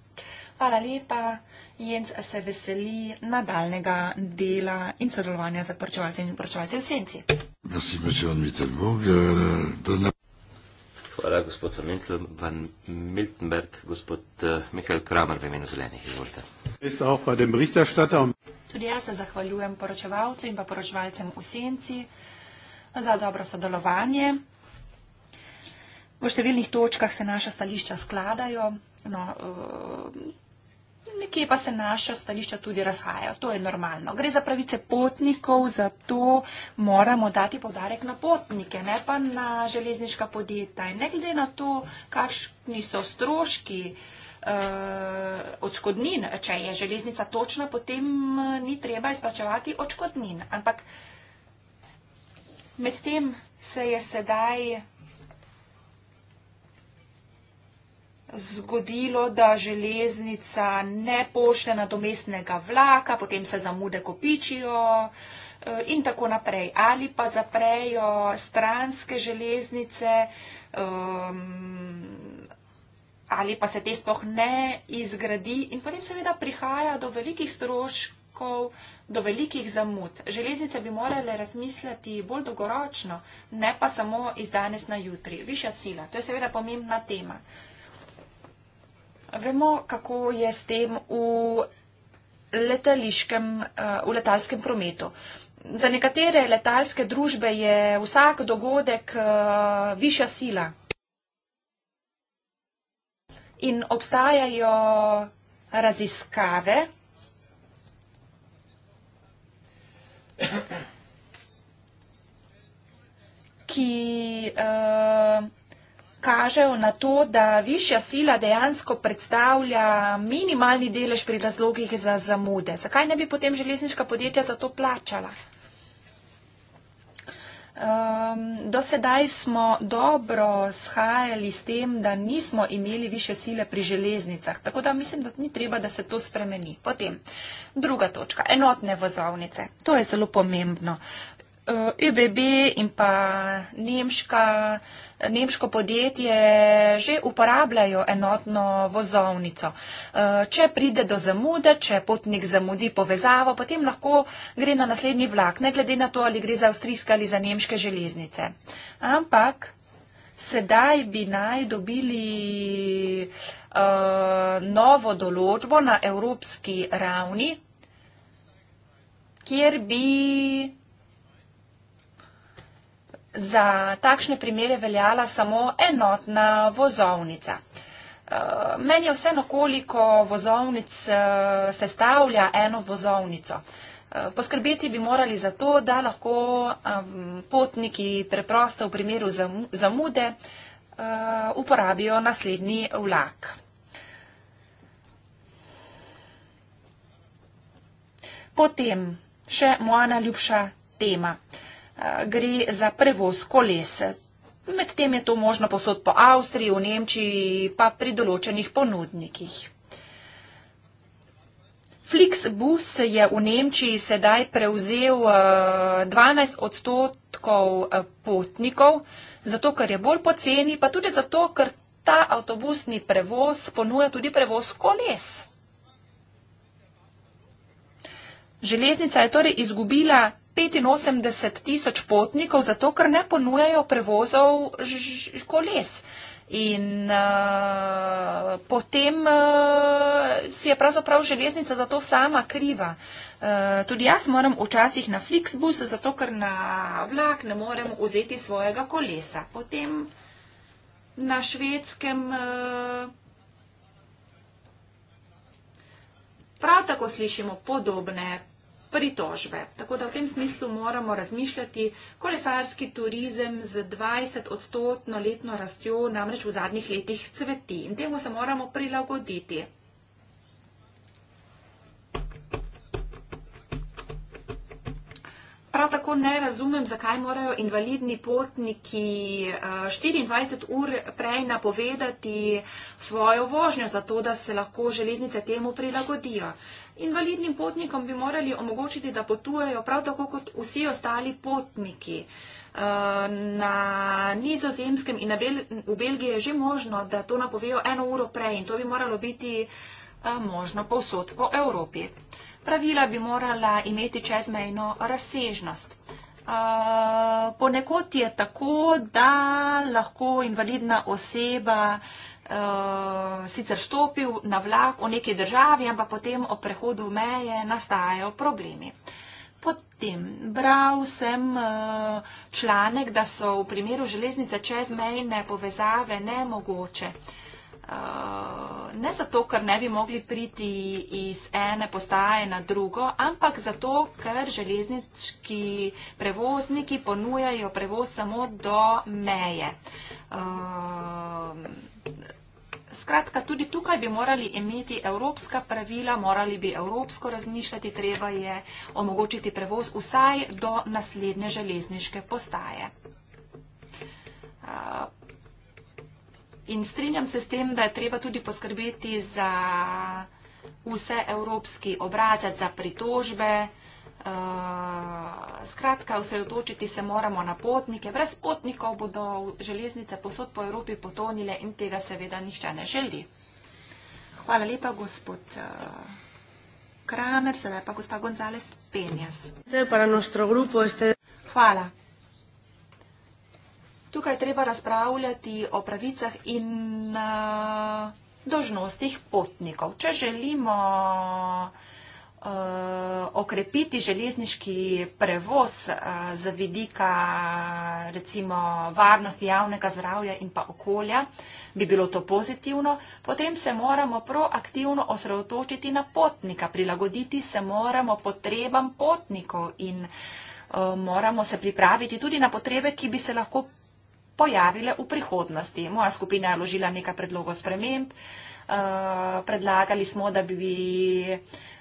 Hvala lepa, Jens se veseli nadaljnega dela in sodelovanja z prčevalci in prčevalci v senci. Merci, monsieur Mitterbourg. Euh, Hvala, gospod Samintl, van Miltenberg, gospod uh, eh, Mikael Kramer v imenu zelenih. Izvolite. Um- Tudi jaz se zahvaljujem poročevalcu in pa poročevalcem v senci za dobro sodelovanje. V številnih točkah se naša stališča skladajo. No, uh, nekje pa se naša stališča tudi razhajajo. To je normalno. Gre za pravice potnikov, zato moramo dati povdarek na potnike, ne pa na železniška podjetja. In ne glede na to, kakšni so stroški eh, odškodnin, če je železnica točna, potem eh, ni treba izplačevati odškodnin. Ampak medtem se je sedaj zgodilo, da železnica ne pošlje nadomestnega vlaka, potem se zamude kopičijo eh, in tako naprej. Ali pa zaprejo stranske železnice ehm, ali pa se te sploh ne izgradi in potem seveda prihaja do velikih stroškov, do velikih zamud. Železnice bi morale razmisliti bolj dolgoročno, ne pa samo iz danes na jutri. Višja sila, to je seveda pomembna tema. Vemo, kako je s tem v, eh, v letalskem prometu. Za nekatere letalske družbe je vsak dogodek eh, višja sila. In obstajajo raziskave, ki. Uh, kažejo na to, da višja sila dejansko predstavlja minimalni delež pri razlogih za zamude. Zakaj ne bi potem železniška podjetja za to plačala? Um, do sedaj smo dobro shajali s tem, da nismo imeli više sile pri železnicah, tako da mislim, da ni treba, da se to spremeni. Potem, druga točka, enotne vozovnice. To je zelo pomembno. Uh, Eh, UBB in pa Nemška, nemško podjetje že uporabljajo enotno vozovnico. Eh, če pride do zamude, če potnik zamudi povezavo, potem lahko gre na naslednji vlak, ne glede na to, ali gre za avstrijske ali za nemške železnice. Ampak sedaj bi naj dobili eh, novo določbo na evropski ravni, kjer bi za takšne primere veljala samo enotna vozovnica. Eh, meni je vseeno, koliko vozovnic eh, sestavlja eno vozovnico. Eh, poskrbeti bi morali za to, da lahko potniki preprosto v primeru zamude uporabijo naslednji vlak. Potem še moja najljubša tema gre za prevoz koles. Medtem je to možno posod po Avstriji, v Nemčiji, pa pri določenih ponudnikih. Flixbus je v Nemčiji sedaj prevzel 12 eh, odstotkov eh, potnikov, zato ker je bolj poceni, pa tudi zato, ker ta avtobusni prevoz ponuja tudi prevoz koles. Železnica je torej izgubila 85 tisoč potnikov, zato ker ne ponujajo prevozov ž, ž, koles. In uh, potem uh, si je pravzaprav železnica za to sama kriva. Uh, tudi jaz moram včasih na Flixbus, zato ker na vlak ne morem vzeti svojega kolesa. Potem na švedskem. Uh, Prav tako slišimo podobne pritožbe. Tako da v tem smislu moramo razmišljati, kolesarski turizem z 20 odstotno letno rastjo namreč v zadnjih letih cveti in temu se moramo prilagoditi. Prav tako ne razumem, zakaj morajo invalidni potniki 24 eh, ur prej napovedati svojo vožnjo, zato da se lahko železnice temu prilagodijo. Invalidnim potnikom bi morali omogočiti, da potujejo prav tako kot vsi ostali potniki. Eh, na nizozemskem in v Belgiji je že možno, da to napovejo eno uro prej in to bi moralo biti eh, možno povsod po Evropi. Pravila bi morala imeti čezmejno razsežnost. Uh, ponekod je tako, da lahko invalidna oseba uh, uh, sicer stopil na vlak v neki državi, ampak potem o prehodu meje nastajajo problemi. Potem bral sem uh, članek, da so v primeru železnice čezmejne povezave nemogoče. Uh, ne zato, ker ne bi mogli priti iz ene postaje na drugo, ampak zato, ker železnički prevozniki ponujajo prevoz samo do meje. Uh, Skratka, tudi tukaj bi morali imeti evropska pravila, morali bi evropsko razmišljati, treba je omogočiti prevoz vsaj do naslednje železniške postaje. In strinjam se s tem, da je treba tudi poskrbeti za vse evropski obrazac, za pritožbe, Eh, skratka, osredotočiti se moramo na potnike. Brez potnikov bodo železnice posod po Evropi potonile in tega seveda nihče ne želi. Hvala lepa, gospod uh, Kramer, sedaj pa gospa Gonzales Penjas. Hvala. Tukaj treba razpravljati o pravicah in uh, eh, dožnostih potnikov. Če želimo uh, Eh, okrepiti železniški prevoz eh, z vidika recimo varnosti javnega zdravja in pa okolja, bi bilo to pozitivno, potem se moramo proaktivno osredotočiti na potnika, prilagoditi se moramo potrebam potnikov in eh, moramo se pripraviti tudi na potrebe, ki bi se lahko pojavile v prihodnosti. Moja skupina je ložila nekaj predlogov sprememb, predlagali smo, da bi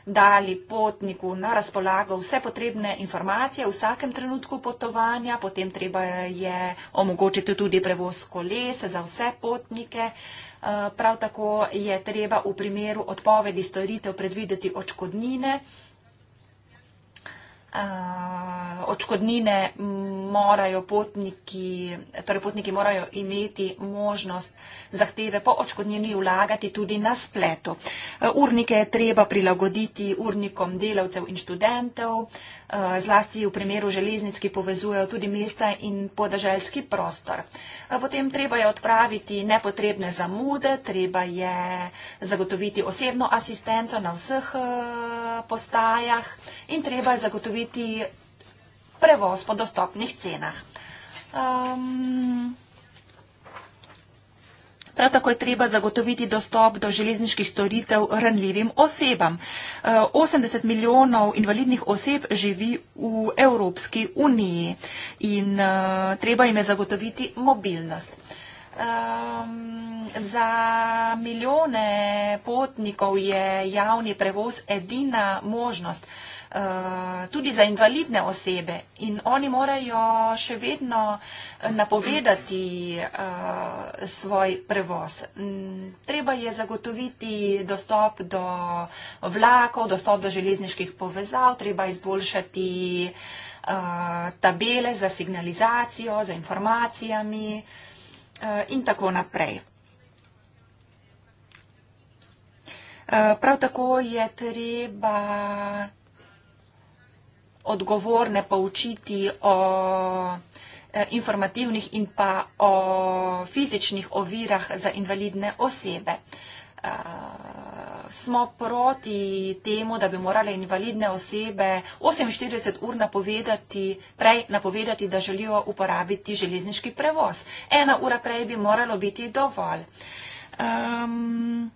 dali potniku na razpolago vse potrebne informacije v vsakem trenutku potovanja, potem treba je omogočiti tudi prevoz koles za vse potnike. Eh, prav tako je treba v primeru odpovedi storitev predvideti očkodnine uh, eh, očkodnine morajo potniki, torej potniki morajo imeti možnost zahteve po očkodnini vlagati tudi na spletu. Eh, urnike je treba prilagoditi urnikom delavcev in študentov. Uh, Eh, zlasti v primeru železnic, ki povezujejo tudi mesta in podeželski prostor. Eh, potem treba je odpraviti nepotrebne zamude, treba je zagotoviti osebno asistenco na vseh eh, postajah in treba je zagotoviti prevoz po dostopnih cenah. Um, Prav tako je treba zagotoviti dostop do železniških storitev ranljivim osebam. 80 eh, milijonov invalidnih oseb živi v Evropski uniji in eh, treba jim je zagotoviti mobilnost. Um, za milijone potnikov je javni prevoz edina možnost. Uh, Eh, tudi za invalidne osebe in oni morajo še vedno eh, napovedati eh, svoj prevoz. Mm, treba je zagotoviti dostop do vlakov, dostop do železniških povezav, treba izboljšati tabele za signalizacijo, za informacijami in tako naprej. Prav tako je treba odgovorne poučiti o eh, informativnih in pa o fizičnih ovirah za invalidne osebe. Eh, smo proti temu, da bi morali invalidne osebe 48 ur napovedati, prej napovedati, da želijo uporabiti železniški prevoz. Ena ura prej bi moralo biti dovolj. Um,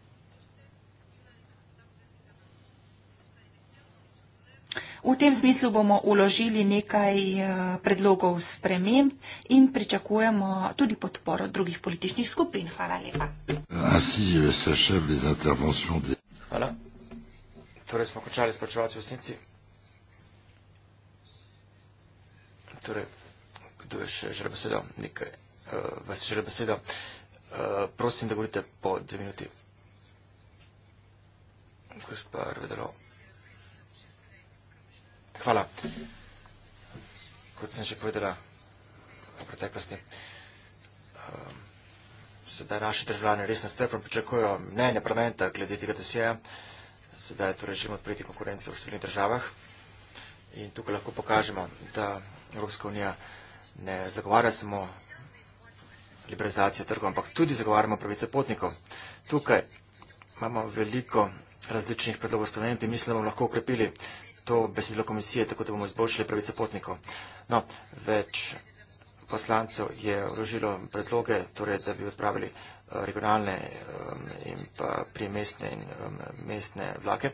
V tem smislu bomo uložili nekaj eh, predlogov sprememb in pričakujemo tudi podporo drugih političnih skupin. Hvala lepa. Hvala. Torej smo končali s pričevalci v osnici. Torej, kdo je še žele besedo? Nekaj uh, vas žele besedo. Uh, prosim, da govorite po dve minuti. Gospod Rvedelov. Hvala. Kot sem že povedala v preteklosti, ehm, sedaj naši državljani res nastrpno pričakujo mnenje parlamenta glede tega dosjeja, sedaj je to režim odpreti konkurenci v številnih državah in tukaj lahko pokažemo, da Evropska unija ne zagovarja samo liberalizacije trgov, ampak tudi zagovarjamo pravice potnikov. Tukaj imamo veliko različnih predlogov spremenb in mislim, da bomo lahko ukrepili to besedilo komisije, tako da bomo izboljšali pravice potnikov. No, več poslancev je vložilo predloge, torej, da bi odpravili eh, regionalne eh, in pa primestne in eh, mestne vlake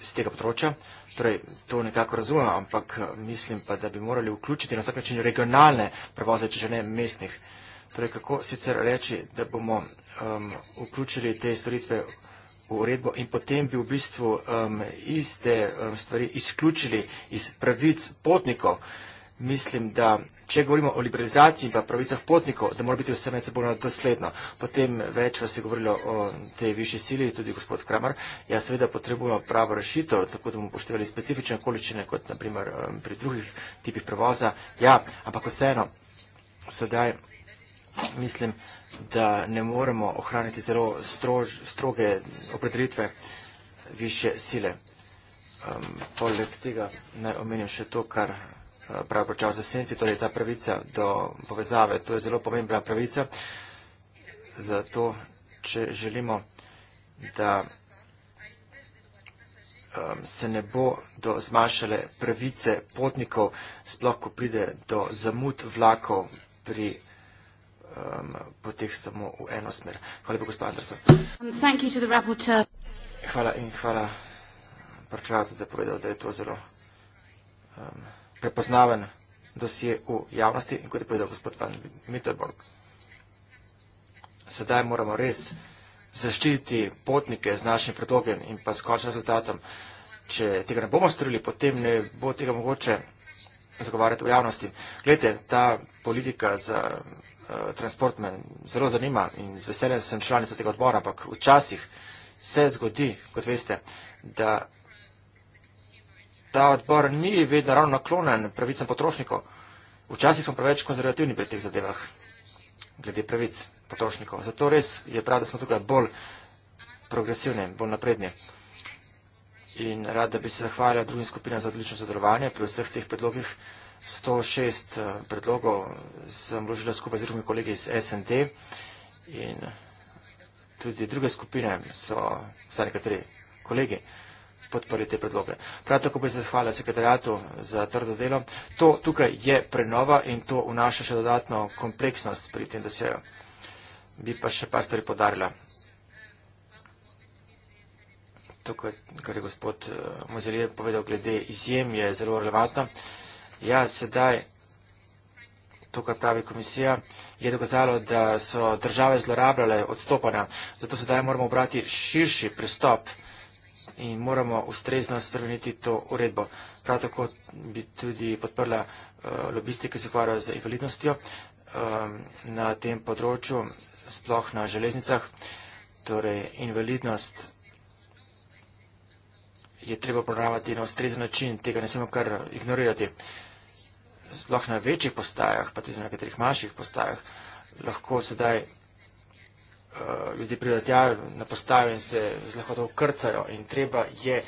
z tega področja. Torej, to nekako razumem, ampak mislim pa, da bi morali vključiti na vsak način regionalne prevoze, če že ne mestnih. Torej, kako sicer reči, da bomo um, vključili te storitve uredbo in potem bi v bistvu um, iste um, stvari izključili iz pravic potnikov. Mislim, da če govorimo o liberalizaciji in pa pravicah potnikov, da mora biti vse med seboj dosledno. Potem več vas je govorilo o tej višji sili, tudi gospod Kramar. Ja, seveda potrebujemo pravo rešitev, tako da bomo poštevali specifične količine, kot naprimer um, pri drugih tipih prevoza. Ja, ampak vseeno, sedaj mislim, da ne moremo ohraniti zelo strož, stroge opredelitve više sile. Um, poleg tega naj omenim še to, kar eh, pravi počal za senci, torej ta pravica do povezave. To je zelo pomembna pravica, zato če želimo, da um, se ne bo do zmanjšale pravice potnikov, sploh ko pride do zamud vlakov pri um, poteh samo v eno smer. Hvala, gospod Anderson. Um, hvala in hvala prčevalcu, da je povedal, da je to zelo um, prepoznaven dosje v javnosti in kot je povedal gospod Van Mitterborg. Sedaj moramo res zaščititi potnike z našim predlogem in pa s končnim rezultatom. Če tega ne bomo storili, potem ne bo tega mogoče zagovarjati v javnosti. Glede, ta politika za Eh, transportmen, zelo zanima in z veseljem sem članica tega odbora, ampak včasih se zgodi, kot veste, da ta odbor ni vedno ravno naklonen pravicam potrošnikov. Včasih smo preveč konzervativni pri teh zadevah, glede pravic potrošnikov. Zato res je prav, da smo tukaj bolj progresivni, bolj napredni. In rad, da bi se zahvalila drugim skupinam za odlično sodelovanje pri vseh teh predlogih. 106 eh, predlogov sem vložila skupaj z drugimi kolegi iz SND in tudi druge skupine so, vsaj nekateri kolegi, podprli te predloge. Prav tako bi se zahvala sekretarjatu za trdo delo. To tukaj je prenova in to vnaša še dodatno kompleksnost pri tem dosjeju. Bi pa še par stvari podarila. To, kar je gospod eh, Mozelije povedal glede izjem, je zelo relevantno. Ja, sedaj, tukaj pravi komisija, je dokazalo, da so države zlorabljale odstopanja, zato sedaj moramo obrati širši pristop in moramo ustrezno spremeniti to uredbo. Prav tako bi tudi podprla uh, lobisti, ki se ukvarjajo z invalidnostjo um, na tem področju, sploh na železnicah. Torej, invalidnost je treba obravnavati na ustrezen način, tega ne smemo kar ignorirati. Sploh na večjih postajah, pa tudi na nekaterih manjših postajah, lahko sedaj uh, eh, ljudi pridatjajo na postajo in se z lahkoto krcajo in treba je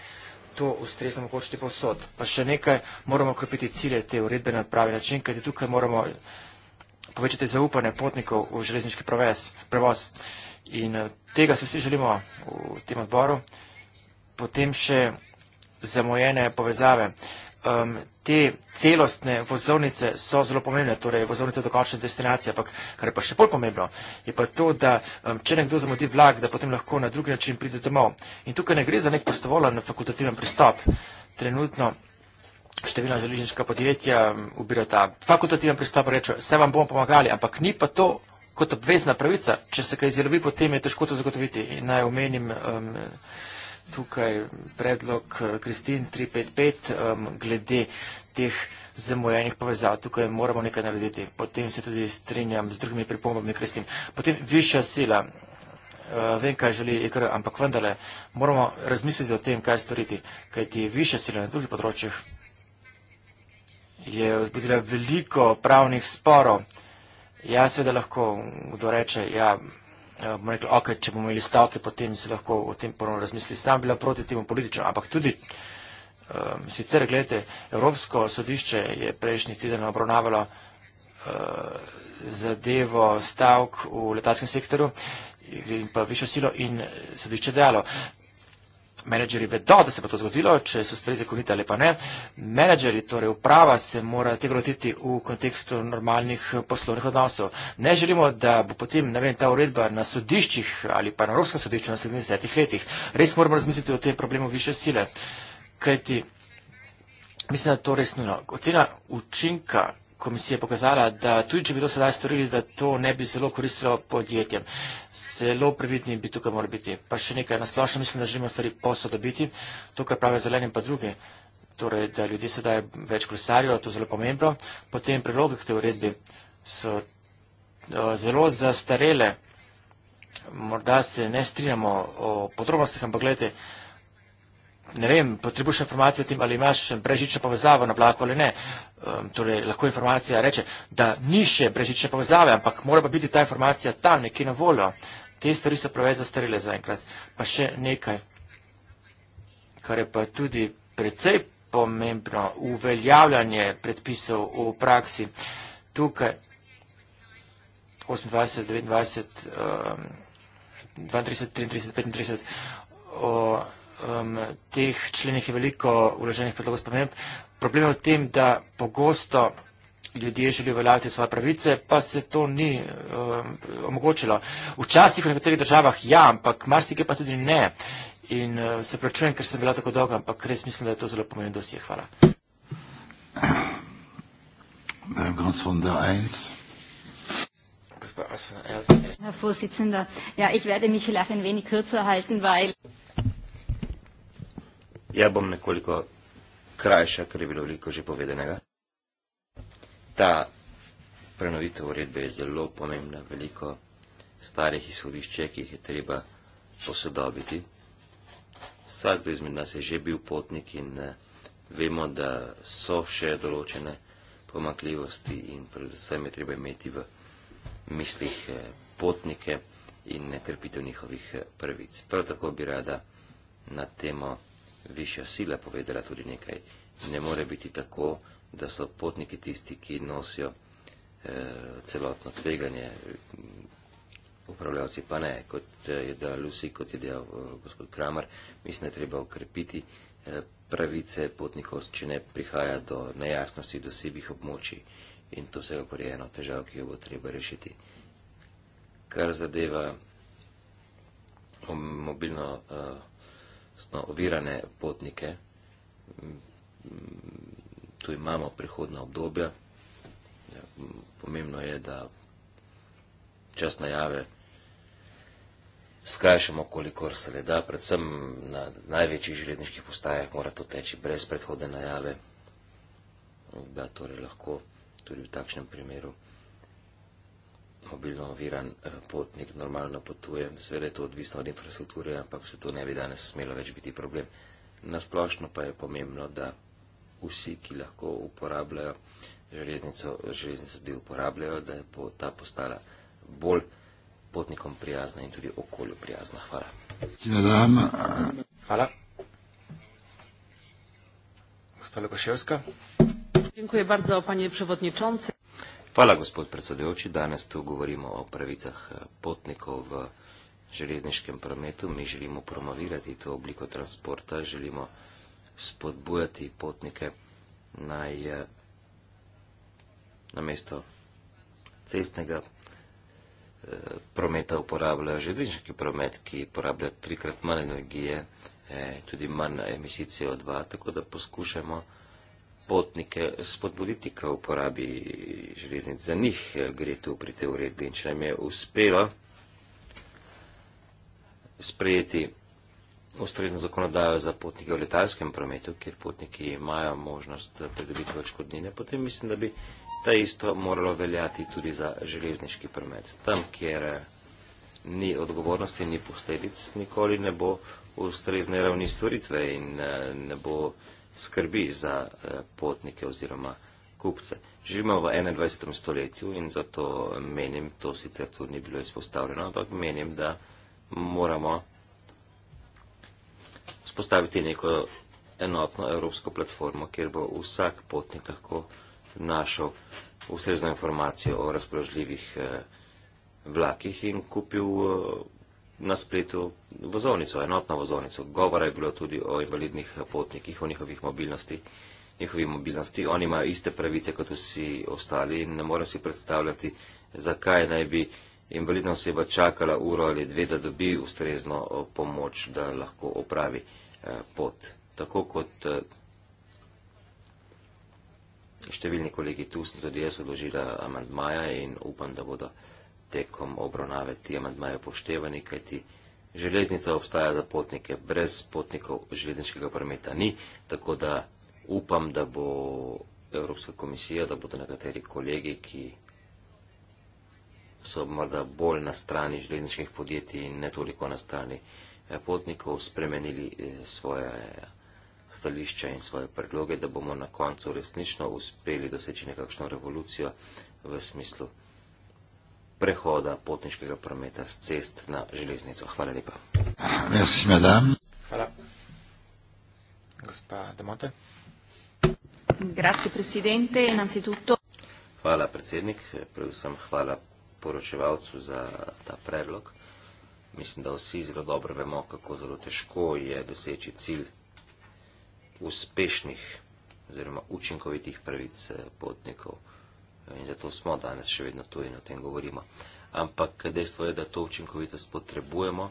to ustrezno mogočiti povsod. Pa še nekaj, moramo okrepiti cilje te uredbe na pravi način, kajti tukaj moramo povečati zaupanje potnikov v železniški prevoz. In eh, tega se vsi želimo v tem odboru potem še zamojene povezave. Um, te celostne vozovnice so zelo pomembne, torej vozovnice do končne destinacije, ampak kar je pa še bolj pomembno, je pa to, da um, če nekdo zamudi vlak, da potem lahko na drugi način pride domov. In tukaj ne gre za nek prostovoljen fakultativen pristop. Trenutno številna železniška podjetja ubira ta fakultativen pristop, reče, vse vam bomo pomagali, ampak ni pa to kot obvezna pravica. Če se kaj izjavi, potem je težko to zagotoviti. In naj omenim. Um, tukaj predlog eh, Kristin 355 um, glede teh zamujenih povezav. Tukaj moramo nekaj narediti. Potem se tudi strinjam z drugimi pripombami Kristin. Potem višja sila. Uh, vem, kaj želi IKR, ampak vendarle moramo razmisliti o tem, kaj storiti, kaj ti višja sila na drugih področjih je vzbudila veliko pravnih sporov. Ja, seveda lahko kdo reče, ja, Eh, bomo rekli, ok, če bomo imeli stavke, potem se lahko o tem ponovno razmisli. Sam bila proti temu politično, ampak tudi um, sicer, gledajte, Evropsko sodišče je prejšnji teden obravnavalo uh, zadevo stavk v letalskem sektorju in pa višjo silo in sodišče dejalo, Menedžeri vedo, da se bo to zgodilo, če so stvari zakonite ali pa ne. Menedžeri, torej uprava, se mora tega lotiti v kontekstu normalnih poslovnih odnosov. Ne želimo, da bo potem, ne vem, ta uredba na sodiščih ali pa na Evropskem sodišču na 70 letih. Res moramo razmisliti o tem problemu više sile. Kajti, mislim, da je to res nujno. Ocena učinka, komisije pokazala, da tudi, če bi to sedaj storili, da to ne bi zelo koristilo podjetjem. Zelo previdni bi tukaj morali biti. Pa še nekaj, na splošno mislim, da želimo stvari posodobiti, to, kar pravijo zeleni in pa druge. Torej, da ljudje sedaj več kolesarijo, to je zelo pomembno. Potem priloge k tej uredbi so o, eh, zelo zastarele. Morda se ne strinjamo o podrobnostih, ampak gledajte, ne vem, potrebuješ informacijo o tem, ali imaš eh, brežično povezavo na vlaku ali ne. Um, torej, lahko informacija reče, da ni še brežične povezave, ampak mora pa biti ta informacija tam, nekje na voljo. Te stvari so preveč zastarele zaenkrat. Pa še nekaj, kar je pa tudi precej pomembno, uveljavljanje predpisov v praksi. Tukaj 28, 29, um, 32, 33, 35. O, um, teh členih je veliko uloženih predlogov spomenb. Problem je v tem, da pogosto ljudje želijo uveljaviti svoje pravice, pa se to ni um, omogočilo. Včasih v nekaterih državah ja, ampak marsikaj pa tudi ne. In uh, se prečujem, ker sem bila tako dolga, ampak res mislim, da je to zelo pomembno dosje. Hvala. Herr Vorsitzender, ja, ich werde mich vielleicht ein wenig kürzer halten, weil. Ja bom nekoliko krajša, ker je bilo veliko že povedanega. Ta prenovitev uredbe je zelo pomembna, veliko starih izhodišče, ki jih je treba posodobiti. Vsak izmed nas je že bil potnik in eh, vemo, da so še določene pomakljivosti in predvsem je treba imeti v mislih eh, potnike in ne krpitev njihovih eh, prvic. Prav tako bi rada na temo višja sila povedala tudi nekaj. Ne more biti tako, da so potniki tisti, ki nosijo eh, celotno tveganje, upravljavci pa ne. Kot eh, je dejal Lucy, kot je dejal eh, gospod Kramer, mislim, da je treba ukrepiti eh, pravice potnikov, če ne prihaja do nejasnosti dosebih območij. In to vse kakor je eno težav, ki jo bo treba rešiti. Kar zadeva eh, mobilno. Eh, odnosno ovirane potnike. Tu imamo prihodna obdobja. Ja, pomembno je, da čas najave skrajšamo, kolikor se le da. Predvsem na največjih železniških postajah mora to teči brez predhodne najave, da torej lahko tudi v takšnem primeru mobilno oviran eh, potnik normalno potuje. Seveda je to odvisno od infrastrukture, ampak se to ne bi danes smelo več biti problem. Nasplošno pa je pomembno, da vsi, ki lahko uporabljajo železnico, železnico tudi uporabljajo, da je po ta postala bolj potnikom prijazna in tudi okolju prijazna. Hvala. Hvala. Gospod Lukoševska. Dziękuję bardzo, panie przewodniczący. Hvala, gospod predsedujoči. Danes tu govorimo o pravicah eh, potnikov v železniškem prometu. Mi želimo promovirati to obliko transporta, želimo spodbujati potnike naj eh, na mesto cestnega eh, prometa uporabljajo železniški promet, ki porablja trikrat manj energije, tudi manj emisij CO2, tako da poskušamo potnike spodbuditi k uporabi železnic. Za njih eh, gre tu pri tej uredbi in če nam je uspelo sprejeti ustrezno zakonodajo za potnike v letalskem prometu, kjer potniki imajo možnost pridobiti več kot njene, potem mislim, da bi ta isto moralo veljati tudi za železniški promet. Tam, kjer eh, ni odgovornosti, ni posledic, nikoli ne bo ustrezne ravni storitve in eh, ne bo skrbi za eh, potnike oziroma kupce. Živimo v 21. stoletju in zato menim, to sicer tu ni bilo izpostavljeno, ampak menim, da moramo spostaviti neko enotno evropsko platformo, kjer bo vsak potnik lahko našel ustrezno informacijo o razpoložljivih eh, vlakih in kupil eh, na spletu vozovnico, enotno vozovnico. Govora je bilo tudi o invalidnih potnikih, o njihovih mobilnosti, njihovi mobilnosti. Oni imajo iste pravice kot vsi ostali in ne morem si predstavljati, zakaj naj bi invalidna oseba čakala uro ali dve, da dobi ustrezno pomoč, da lahko opravi eh, pot. Tako kot eh, številni kolegi tu sem tudi jaz odložila amandmaja in upam, da bodo tekom obravnave ti amandmaji upoštevani, kajti železnica obstaja za potnike, brez potnikov železniškega prometa ni, tako da upam, da bo Evropska komisija, da bodo nekateri kolegi, ki so morda bolj na strani železniških podjetij in ne toliko na strani eh, potnikov, spremenili eh, svoje stališča in svoje predloge, da bomo na koncu resnično uspeli doseči nekakšno revolucijo v smislu prehoda potniškega prometa z cest na železnico. Hvala lepa. Merci, madame. Hvala. Gospa Demote. Grazie, presidente, innanzitutto. Hvala, predsednik. Predvsem hvala poročevalcu za ta predlog. Mislim, da vsi zelo dobro vemo, kako zelo težko je doseči cilj uspešnih oziroma učinkovitih pravic eh, potnikov in zato smo danes še vedno tu in o tem govorimo. Ampak dejstvo je, da to učinkovitost potrebujemo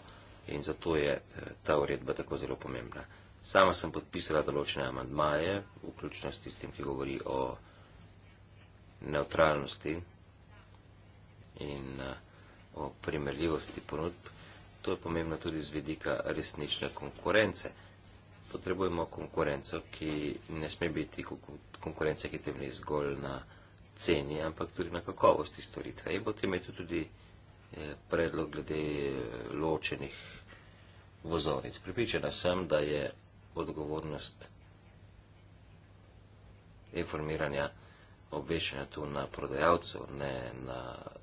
in zato je eh, ta uredba tako zelo pomembna. Sama sem podpisala določene amandmaje, vključno s tistim, ki govori o neutralnosti in eh, o primerljivosti ponudb. To je pomembno tudi z vidika resnične konkurence. Potrebujemo konkurenco, ki ne sme biti konkurenca, ki temelji zgolj na ceni, ampak tudi na kakovosti storitve. In potem je tu tudi eh, predlog glede eh, ločenih vozovnic. Pripričana sem, da je odgovornost informiranja obveščanja tu na prodajalcu, ne na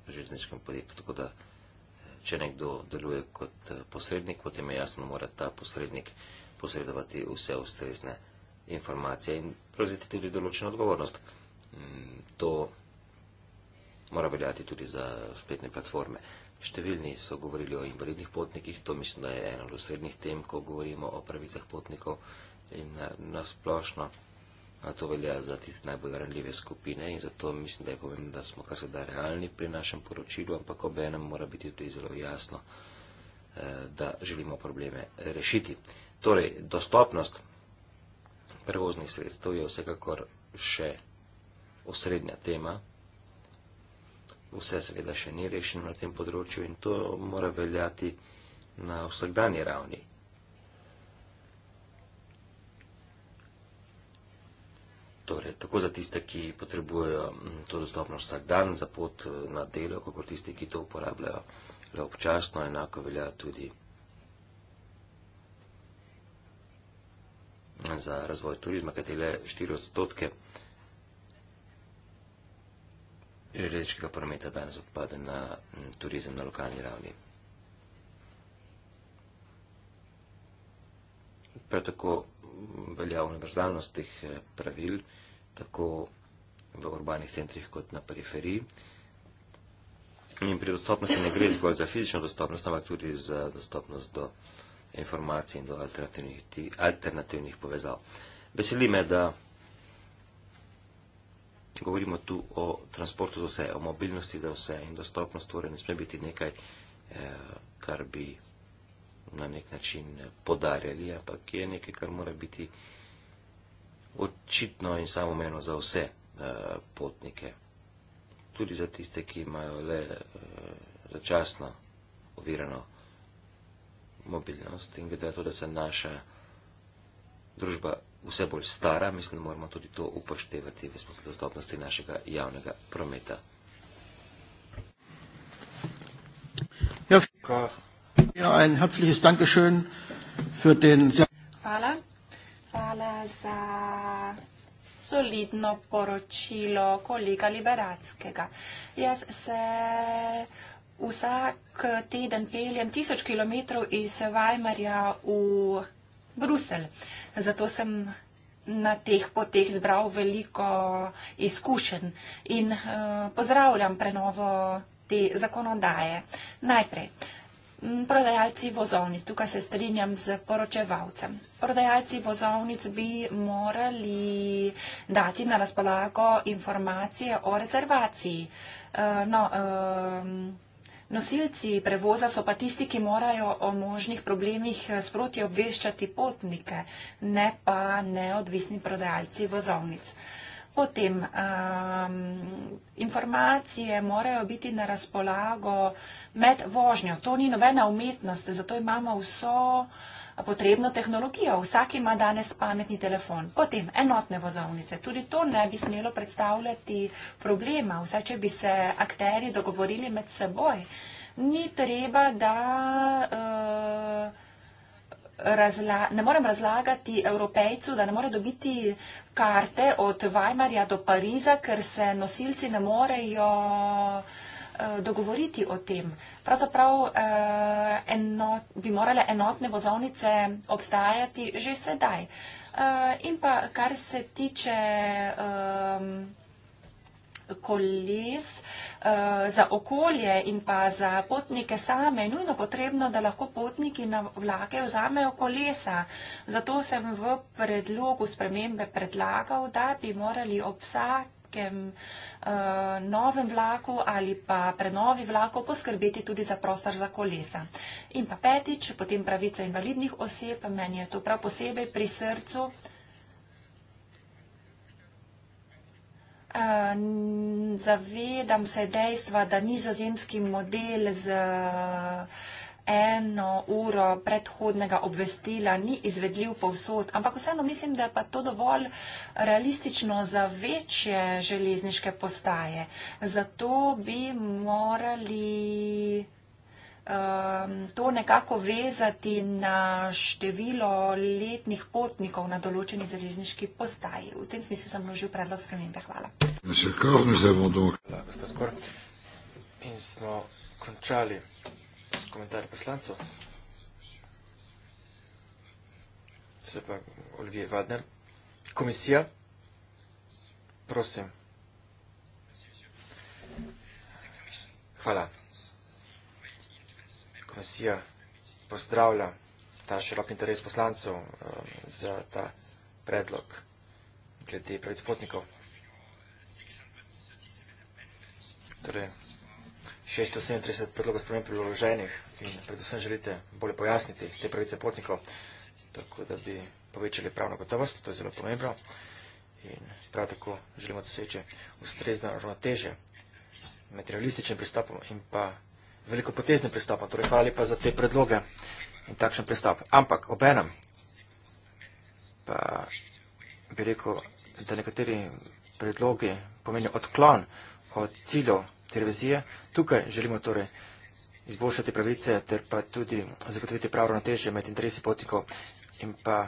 železniškem podjetju. Tako da, eh, če nekdo deluje kot posrednik, potem je jasno, mora ta posrednik posredovati vse ustrezne informacije in prevzeti tudi določeno odgovornost. Mm, to mora veljati tudi za spletne platforme. Številni so govorili o invalidnih potnikih, to mislim, da je ena od osrednjih tem, ko govorimo o pravicah potnikov in eh, nasplošno. To velja za tiste najbolj ranljive skupine in zato mislim, da je pomembno, da smo kar se da realni pri našem poročilu, ampak ob enem mora biti tudi zelo jasno, eh, da želimo probleme rešiti. Torej, dostopnost prevoznih sredstev je vsekakor še osrednja tema. Vse seveda še ni rešeno na tem področju in to mora veljati na vsakdanji ravni. Torej, tako za tiste, ki potrebujejo mm, to dostopnost vsak dan za pot eh, na delo, kako tisti, ki to uporabljajo le občasno, enako velja tudi za razvoj turizma, kateri le 4 odstotke železniškega prometa danes odpade na turizem na lokalni ravni. Prav tako velja univerzalnost teh eh, pravil, tako v urbanih centrih kot na periferiji. In pri dostopnosti ne gre zgolj za fizično dostopnost, ampak tudi za dostopnost do informacij in do alternativnih, alternativnih povezav. Veseli me, da Govorimo tu o transportu za vse, o mobilnosti za vse in dostopnost torej ne sme biti nekaj, eh, kar bi na nek način podarjali, ampak je nekaj, kar mora biti očitno in samomeno za vse eh, potnike. Tudi za tiste, ki imajo le eh, začasno ovirano mobilnost in glede na to, da se naša družba vse bolj stara, mislim, da moramo tudi to upoštevati v smislu dostopnosti našega javnega prometa. Ja, ja, Hvala. Hvala za solidno poročilo kolega Liberatskega. Jaz se vsak teden peljem tisoč kilometrov iz Weimarja v Bruselj. Zato sem na teh poteh zbral veliko izkušenj in eh, pozdravljam prenovo te zakonodaje. Najprej, prodajalci vozovnic, tukaj se strinjam z poročevalcem. Prodajalci vozovnic bi morali dati na razpolago informacije o rezervaciji. Eh, no, vzpravljamo, Nosilci prevoza so pa tisti, ki morajo o možnih problemih eh, sproti obveščati potnike, ne pa neodvisni prodajalci vozovnic. Potem um, informacije morajo biti na razpolago med vožnjo. To ni nobena umetnost, zato imamo vso uh, potrebno tehnologijo. Vsak ima danes pametni telefon. Potem enotne vozovnice. Tudi to ne bi smelo predstavljati problema. Vse, če bi se akteri dogovorili med seboj, ni treba, da. Uh, Razla, ne morem razlagati evropejcu, da ne more dobiti karte od Weimarja do Pariza, ker se nosilci ne morejo uh, Eh, dogovoriti o tem. Pravzaprav eh, enot, bi morale enotne vozovnice obstajati že sedaj. Eh, in pa kar se tiče koles za okolje in pa za potnike same, nujno potrebno, da lahko potniki na vlake vzamejo kolesa. Zato sem v predlogu spremembe predlagal, da bi morali ob vsak nekem uh, eh, novem vlaku ali pa prenovi vlakov poskrbeti tudi za prostor za kolesa. In pa petič, potem pravica invalidnih oseb, meni je to prav posebej pri srcu. Eh, zavedam se dejstva, da nizozemski model z uh, eno uro predhodnega obvestila ni izvedljiv povsod, ampak vseeno mislim, da je pa to dovolj realistično za večje železniške postaje. Zato bi morali um, to nekako vezati na število letnih potnikov na določeni železniški postaji. V tem smislu sem vložil predlog spremembe. Hvala. Še kar mi se bomo dolgo. In smo končali s komentarji poslancov. Se pa, Olivije Vadner. Komisija, prosim. Hvala. Komisija pozdravlja ta širok interes poslancov um, za ta predlog glede pravic potnikov. Torej, 637 predlogov sprememb priloženih in predvsem želite bolje pojasniti te pravice potnikov, tako da bi povečali pravno gotovost, to je zelo pomembno. In prav tako želimo doseči ustrezno ravnoteže med realističnim pristopom in pa velikopoteznim pristopom. Torej, hvala lepa za te predloge in takšen pristop. Ampak obenem pa bi rekel, da nekateri predlogi pomenijo odklon od ciljev televizije. Tukaj želimo torej izboljšati pravice ter pa tudi zagotoviti pravo natežje med interesi potnikov in pa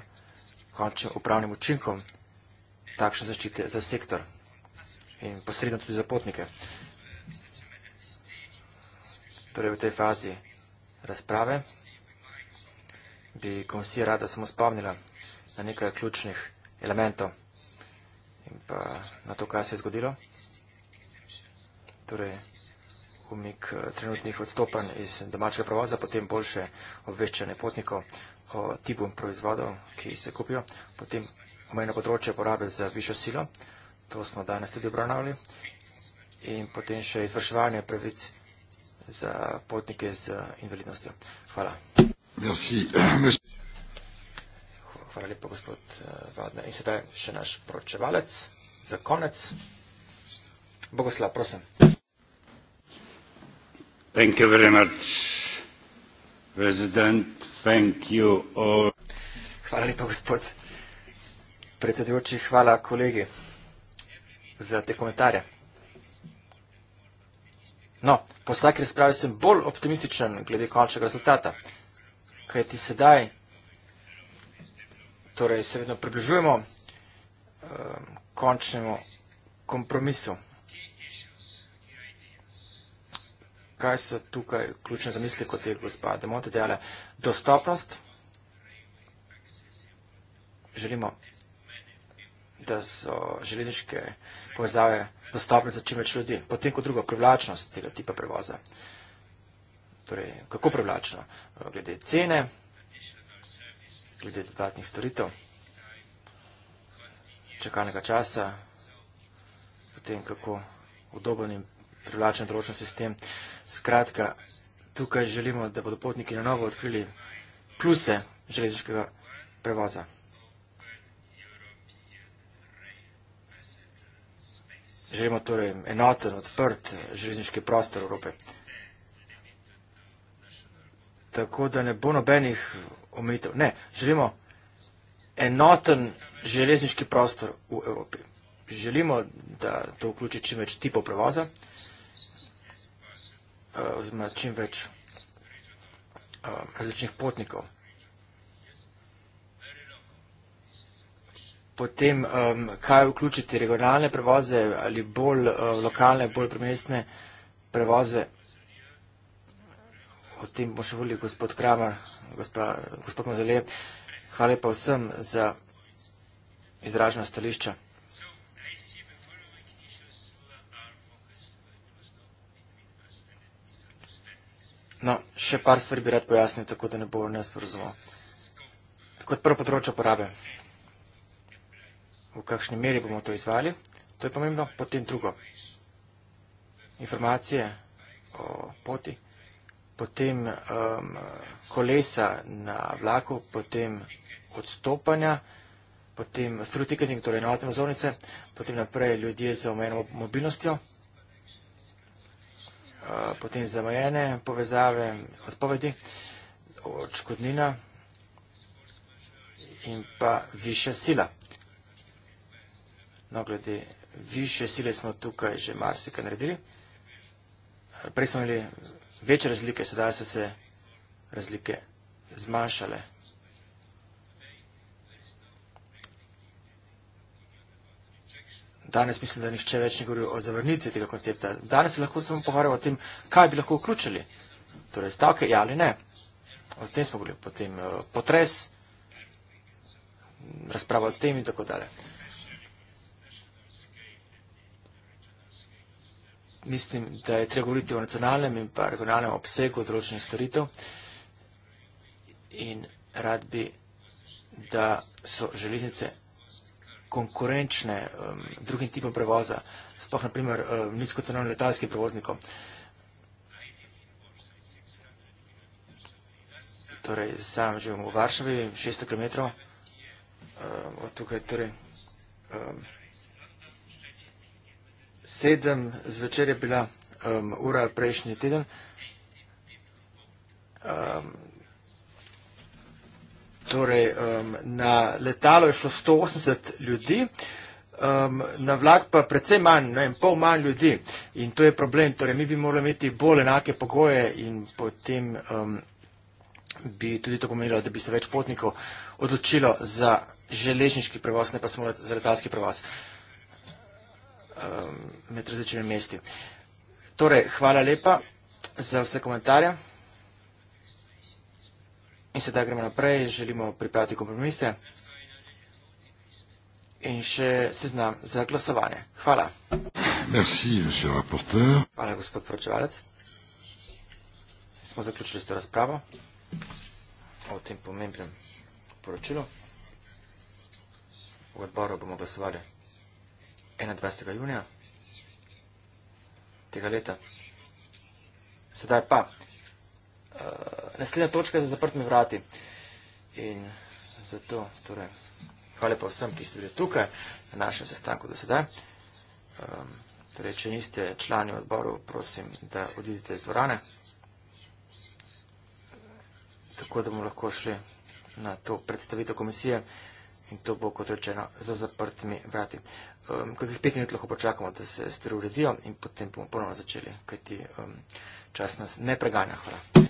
končno upravnim učinkom takšne zaščite za sektor in posredno tudi za potnike. Torej v tej fazi razprave bi komisija rada samo spomnila na nekaj ključnih elementov in pa na to, kaj se je zgodilo torej umik eh, trenutnih odstopanj iz domačega provaza, potem boljše obveščanje potnikov o tipu proizvodov, ki se kupijo, potem omejeno področje porabe za višjo silo, to smo danes tudi obravnavali, in potem še izvrševanje pravic za potnike z eh, invalidnostjo. Hvala. Hvala lepo, gospod eh, Vadna. In sedaj še naš poročevalec za konec. Bogoslav, prosim. Thank you very much, President. Thank you all. Hvala lepa, gospod predsedujoči. Hvala, kolegi, za te komentarje. No, po vsaki razpravi sem bolj optimističen glede končnega rezultata, kaj ti sedaj, torej se vedno približujemo eh, končnemu kompromisu. kaj so tukaj ključne zamisli, kot je gospa Demonte dejala. Dostopnost. Želimo, da so železniške povezave dostopne za čim več ljudi. Potem kot drugo, privlačnost tega tipa prevoza. Torej, kako privlačno? Glede cene, glede dodatnih storitev, čakalnega časa, potem kako udoben in privlačen določen sistem. Skratka, tukaj želimo, da bodo potniki na novo odkrili pluse železniškega prevoza. Želimo torej enoten, odprt železniški prostor Evrope. Tako da ne bo nobenih omejitev. Ne, želimo enoten železniški prostor v Evropi. Želimo, da to vključi čim več tipov prevoza. Eh, oziroma čim več eh, različnih potnikov. Potem, kaj vključiti regionalne prevoze ali bolj eh, lokalne, bolj premestne prevoze? O tem bo še volil gospod Kramer, gospod Mozelje. Hvala pa vsem za izraženo stališče. No, še par stvari bi rad pojasnil, tako da ne bo nesporozumel. Kot prvo področje uporabe, v kakšni meri bomo to izvali, to je pomembno, potem drugo. Informacije o poti, potem um, kolesa na vlaku, potem odstopanja, potem through ticketing, torej enotne vzornice, potem naprej ljudje z omejeno mobilnostjo potem zamajene povezave, odpovedi, očkodnina in pa višja sila. No, glede višje sile smo tukaj že marsika naredili. Prej smo imeli večje razlike, sedaj so se razlike zmanjšale. Danes mislim, da nišče več ne govori o zavrnitvi tega koncepta. Danes se lahko samo pogovarjamo o tem, kaj bi lahko vključili. Torej, stavke, ja ali ne. O tem smo govorili. Potem eh, potres, razprava o tem in tako dalje. Mislim, da je treba govoriti o nacionalnem in pa regionalnem obsegu odročenih storitev in rad bi, da so železnice konkurenčne um, drugim tipom prevoza, sploh naprimer um, nizkocenovnim letalskim prevoznikom. Torej, sam živim v Varšavi, 600 km um, od tukaj, torej um, sedem zvečer je bila um, ura prejšnji teden. Um, Torej, um, na letalo je šlo 180 ljudi, um, na vlak pa precej manj, ne, pol manj ljudi. In to je problem. Torej, mi bi morali imeti bolj enake pogoje in potem um, bi tudi to pomenilo, da bi se več potnikov odločilo za železniški prevoz, ne pa samo za letalski prevoz um, med različnimi mesti. Torej, hvala lepa za vse komentarje. In sedaj gremo naprej, želimo pripraviti kompromise in še seznam za glasovanje. Hvala. Merci, Hvala, gospod poročevalec. Smo zaključili s to razpravo o tem pomembnem poročilu. V odboru bomo glasovali 21. junija tega leta. Sedaj pa. Eh, naslednja točka je za zaprtimi vrati. In zato, torej, hvala pa vsem, ki ste bili tukaj na našem sestanku do sedaj. Um, torej, če niste člani odboru, prosim, da odidete iz dvorane, tako da bomo lahko šli na to predstavitev komisije in to bo, kot rečeno, za zaprtimi vrati. Um, kakih pet minut lahko počakamo, da se stvari uredijo in potem bomo ponovno začeli, kajti um, čas nas ne preganja. Hvala.